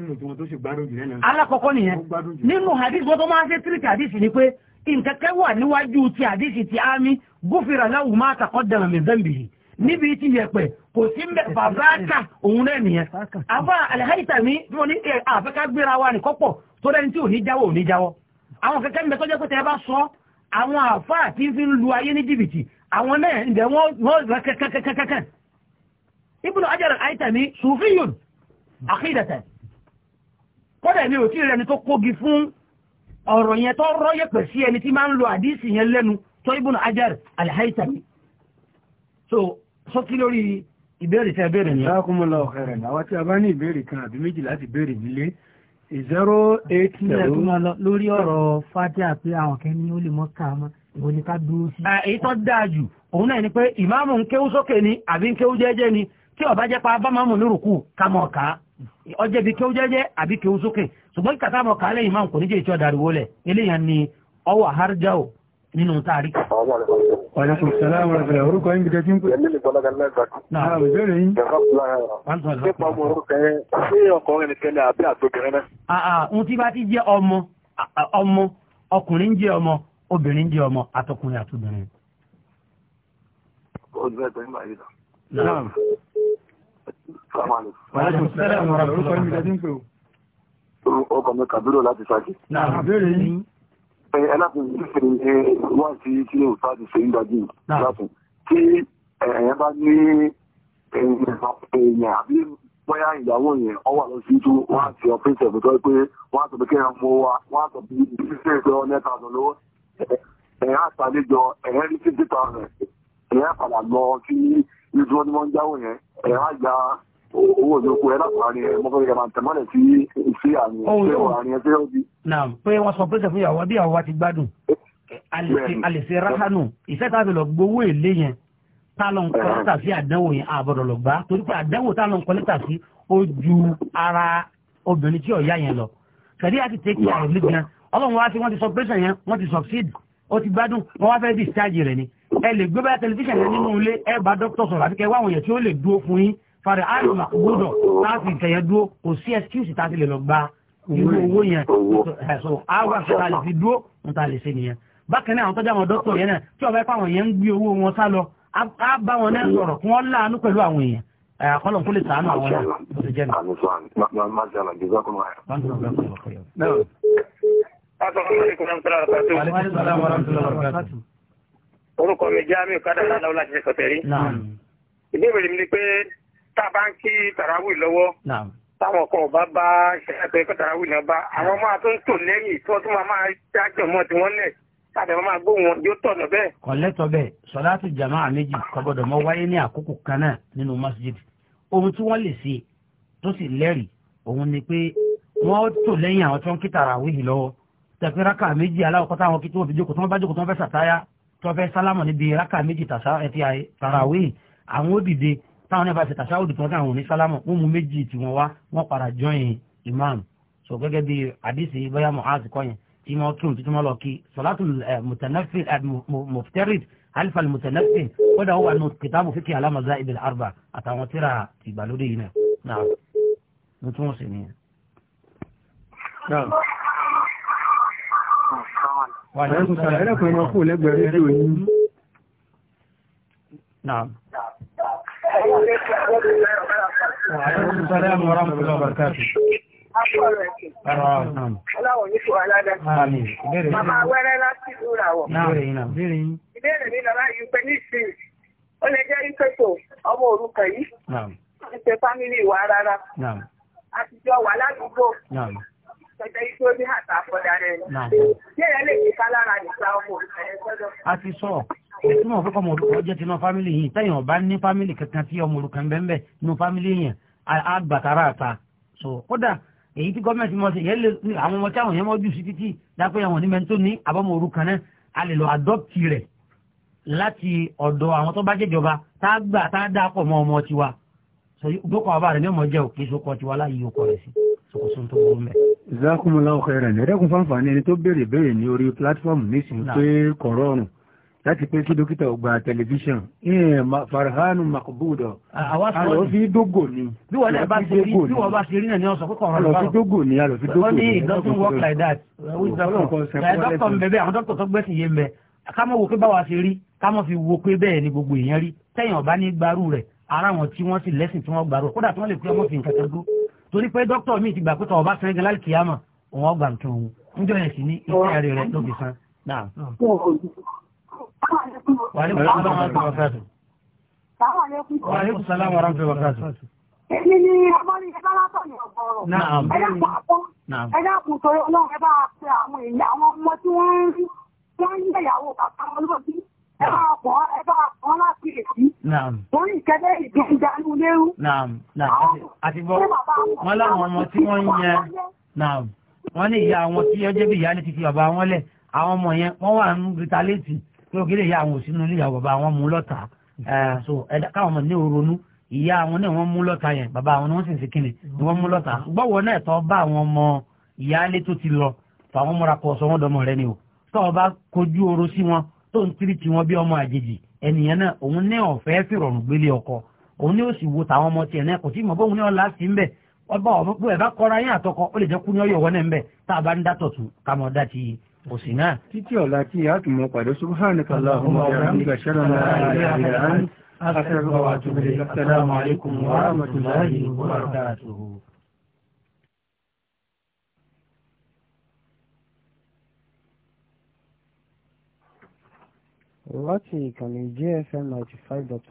nínú tí wọ́n tó ṣe gbádùn jù lẹ́nu. alákọ̀ọ́kọ́ nìyẹn nínú hadith wọn tó máa ń ṣe tíríkì hadith ni pé nkẹ́kẹ́ wà níwájú ti hadith ti ámì gúfìrà láwù máa tàkọ́ dẹ̀rọ̀ mi dẹ́mbìyì níbi tí yẹpẹ̀ kò sí mbẹ bàbá kà òun náà nìyẹn. àbá alihayita mi wọn ní àfẹ́ká gbéra wa nìkọ́ pọ̀ tó dẹ́ni tí ò ní jáwọ́ ò ní jáwọ́. àwọn kẹ́kẹ́ mbẹ tó jẹ́ pé tẹ́ bá sọ àwọn àfáà tí fi ń lu ayé ní jìbìtì àwọn náà ǹdẹ̀ wọ́n rẹ̀ kẹ́kẹ́kẹ́kẹ́kẹ́. ibùdó ajára àyíta mi sùfíyùn àkídàtà kọ́dẹ̀ mi ò tí rẹni tó kógi fún ọ̀rọ̀ yẹn tó rọ́yẹ̀ pẹ̀ sí ẹni tí máa ń lo àdísì yẹn lẹ́nu tó ibùn ajar alhaitami so sọ́kí lórí ìbéèrè tẹ́ béèrè ni. sáàkùnmọ́lá ọ̀kẹ́rẹ̀ làwọn tí a bá ní ìbéèrè kan àbí méjì láti béèrè nílé zero eight zero. lórí ọ̀rọ̀ fatia pé àwọn kan ní ó lè mọ́ ká mọ́ ìwọ ni ká dúró sí. èyí tó dáa jù òun náà ni pé ìmáàmù ń kéwú sókè ni àbí ń kéwú jẹ́jẹ́ ni tí ó bá jẹ́ pa bá máàmù ní rùkú ká mọ̀ ká ọjẹ́ bí kí ó jẹ́jẹ́ àbí kí ó sókè ṣùgbọ́n kàtà mọ̀ kálẹ̀ ìmáà kò ní jẹ́ ìṣọ́ dàrúwó lẹ̀ eléyàn ni ọwọ́ àhájáò nínú táàrí. Ọ̀lẹ́kùn sẹ́lá wọn rẹ̀ orúkọ yín gẹ́gẹ́ tí ń pè. Ẹ̀mí ni Bọ́lá Gàlá Ìgbàdì. Náà ìbéèrè yín. Ìjọba Fúlá Ẹ̀rọ. Nípa ọmọ orúkọ yẹn, ṣé ọkùnrin nìkan ni àbí àtòbìnrin jẹ́ ọmọ, ọmọ, ọkùnrin jẹ́ ọmọ, obìnrin jẹ́ ọmọ, Ọkọ̀ mi kàbírò láti sáàkì. Ẹláfin ṣe wá sí tí ó sáàkì ṣe ń dájú láti tí ẹ̀yẹn bá ní èèyàn àbí bóyá ìyàwó yẹn ọ wà lọ sí tú wọ́n àti ọ̀fíìsì ẹ̀fẹ́ tó pé wọ́n àtọ̀ bí kí ẹran mọ́ wa wọ́n àtọ̀ bí bíṣẹ́ ìfẹ́ ọ nẹ́ta ọ̀nà lọ́wọ́ ẹ̀yà àtàlejò ẹ̀yà rí sí títà rẹ̀ ẹ̀yà padà lọ sí ìdúró ni wọ́n ń jáwó yẹn ẹ̀yà àgbà owó ìjókòó ẹ lápò àárín ẹ mọ́fẹ́ ìjọba tẹ̀mọ́lẹ̀ sí sí àárín ẹ àárín ẹ tí ó di. náà pé wọ́n sọ pẹ́sẹ̀ fún ìyàwó bí àwọn wa ti gbádùn àlèsè ráhánù ìfẹ́ tá a fi lọ gbowó èlé yẹn tá a lọ ń kọ́lẹ́tà sí àdánwò yẹn àbọ̀dọ̀ lọ gbá torí pé àdánwò tá a lọ ń kọ́lẹ́tà sí ó ju ara obìnrin tí ọ̀yá yẹn lọ kẹ̀rí àti tẹ́kì àròlé gan ọlọ́run ẹ lè gbé bá tẹlifíṣàn yẹn nínú ilé ẹ bá dókítà sọ̀rọ̀ àti kẹ́ wá àwọn yẹn tí ó lè dúró fún yín fàrẹ̀ àrùn àkúgbọ́dọ̀ láti ìtẹ̀yẹ̀dúró kò sí excuse tàbí lè lọ gba irú owó yẹn ẹ̀sọ́ àwọn àṣà lè fi dúró ń ta lè ṣe nìyẹn bákan náà àwọn tọ́jà àwọn dókítà yẹn náà tí ọba ẹ̀pá àwọn yẹn ń gbé owó wọn sá lọ á bá wọn náà sọ̀rọ̀ kí wọ́n láàánú pẹ̀lú àwọn èèyàn àkọlọ̀ kó lè sàánú àwọn náà bó ti jẹ́ mi ìbéèrè mi ni pé tá a bá ń kí tàràwì lọ́wọ́ táwọn kan ò bá bá ìṣẹ̀lẹ̀ tó yẹ kó tàràwì náà bá àwọn ọmọ àti tó lẹ́yìn tí wọ́n tún máa máa dájọ́ mọ́ tí wọ́n lẹ̀ tàbí wọ́n máa gbó wọn yóò tọ̀nà bẹ́ẹ̀. kọ̀lẹ́tọ̀ bẹ́ẹ̀ sọ̀láàtì jamaa méjì kò gbọ́dọ̀ mọ́ wáyé ní àkókò kan náà nínú masjid ohun tí wọ́n lè ṣe tó sì lẹ́rìí òun ni pé wọ́n tò lẹ́yìn àwọn tí wọ́n kí tàràwì yìí lọ́wọ́ tẹ̀pé rákà méjì aláwọ̀kọ́ táwọn kí tí wọ́n fi jókòó tí wọ́n bá jókòó tí wọ́n fẹ́ sàtáyà tí wọ́n fẹ́ sálámọ̀ níbi rákà méjì tàràwì àwọn ó dìde táwọn náà bá ṣe tàṣáwùdù tán táwọn òní sálámù wọn mú méjì tí wọn wá wọn para join imam so gẹ́gẹ́ bí àdìsí bóyá muhaz kọ́ yẹn tí wọ́n kírun tí wọ́n lọ kí sọ̀látù mùtànáfíìn mùfítẹ́rìd alifal mùtànáfíìn kódà ó wà nù kìtàbù fíkì alámàzá ibil arba àtàwọn tíra ìgbàlódé yìí náà mo tún wọ́n sì ní. wàhálà ẹ̀rọ kan lẹ́gbẹ̀ẹ́ rédíò yìí. وعليكم السلام ورحمة الله وبركاته Ọláwọ̀ ní ṣùgbọ́n aládá. Màmá wẹ́rẹ́ láti ìrúra wọ̀. Ìbéèrè mi lọ́la yìí pé ní ìsìn, ó lè jẹ́ ìpètò ọmọ òrukàn yìí. Ó ṣe fámílì wa rárá. Àtijọ́ wà ládùúgbò. Ṣẹ̀jẹ̀ ọmọ ẹ̀túnmọ̀ fún ọmọ olùkọ́ jẹ́ tinú fámílì yìí tẹ́yìn ọba ní fámílì kankan tí ọmọ olùkọ́ bẹ́ẹ̀ nínú fámílì yẹn àgbàtàrà àta so kódà èyí tí gọ́ọ̀mẹ̀ntì mọ̀ sí yẹn lè àwọn ọmọ tí àwọn yẹn mọ̀ jù sí títí dápẹ́ àwọn onímọ̀ tó ní àbọ̀mọ̀ olùkọ́ náà a lè lọ adọ́pì rẹ̀ láti ọ̀dọ̀ àwọn tó bá jẹ́jọba tá a gbà tá a dá pọ̀ so gbókọ̀ ọba rẹ̀ ní ọmọ jẹ́ òkè sókọ̀ tiwa láyé yóò kọ̀ rẹ̀ sí sọkọ̀sọ́ tó wọ́n béèrè béèrè ní orí pílátífọ́ọ̀mù nísìnyí pé kọ̀rọ̀ọ̀rùn láti pé kí dókítà ọgbà tẹlifíṣàn farhanu makubudo alọ fi dógò ni bí wọn bá ti rí bí wọn bá ti rí náà ni wọn sọ pé kọrọ lọ fi dógò ni alọ fi dógò ni wọn ní it doesn't work like that dókítà ń bẹbẹ àwọn dókítà tó gbẹ́sìn yé ń bẹ ká mọ̀ wò pé báwa ṣe rí ká mọ̀ fi wo pé bẹ́ẹ̀ ni gbogbo èèyàn rí tẹ̀yìn ọ̀bá ní gbarú rẹ̀ ara wọn tí wọ́n sì lẹ́sìn tí wọ́n gbarú kódà tí wọ́n lè pé ọmọ fi nǹkan kan dúró torí pé dókítà mi ti gbà pé tọ̀wọ́ bá san gan lálẹ́ kìámà òun ọgbà nǹkan òun níjọ́ yẹn ní iṣẹ́ rẹ̀ ló san. Èmi ni ọmọrí ẹgbẹ́ látọ̀yìn ọ̀gọ̀rọ̀. Ẹlẹ́kùn àpọ́, ẹlẹ́kùn torí ọlọ́run ẹbá pẹ àwọn èèyàn àwọn ọmọ tí wọ́n ń rí, wọ́n ń yẹ̀yàwó bàbá olóògbé, ẹbá ọkọ̀ ẹbá ọkọ̀ láti èsì. Torí ìkẹ́lẹ́ ìdúnjanú lérú. Àti bọ́, wọ́n láwọn ọmọ tí wọ́n ń yẹ, wọ́n ní ìyá àwọn tí ọjẹ́ bí ìyá ní ti fi bàbá wọn lẹ̀, àwọn ọmọ yẹn wọ́n wà ń retaliate pé òkèlè ìyá àwọn òsínú ilé ìyàwó bàbá wọn mú lọ́tà so ẹ̀dá káwọn ọmọ ní òronú ìyá àwọn náà wọ́n mú lọ́tà yẹn bàbá àwọn ni wọ́n sì ń ṣe kíni ni wọ́n mú lọ́tà gbọ́wọ́ náà tọ́ bá àwọn ọmọ ìyáálé tó ti lọ fàwọn mọ́ra kọ sọ wọ́n dọmọ rẹ ni o tọ́ ọ bá kojú oró sí wọn tó ń tiri tí wọn bí ọmọ àjèjì ẹnìyẹn náà òun ní ọ̀fẹ́ fìrọ̀rùn gbélé ọkọ òun ní òsì wo tàwọn ọmọ tiẹ̀ náà kò tí mọ̀ bóun ní ọ̀la sí ń bẹ̀ ọba ọ̀pọ̀ ẹ̀bá kọ́ra yín àtọkọ ó lè jẹ́ kú ní náà ń bẹ̀ tá a bá ń dátọ̀ tù ká mọ̀ dá ti kò sí náà. títí ọ̀la tí a tún mọ pàdé láti ìkànnì GFM 95.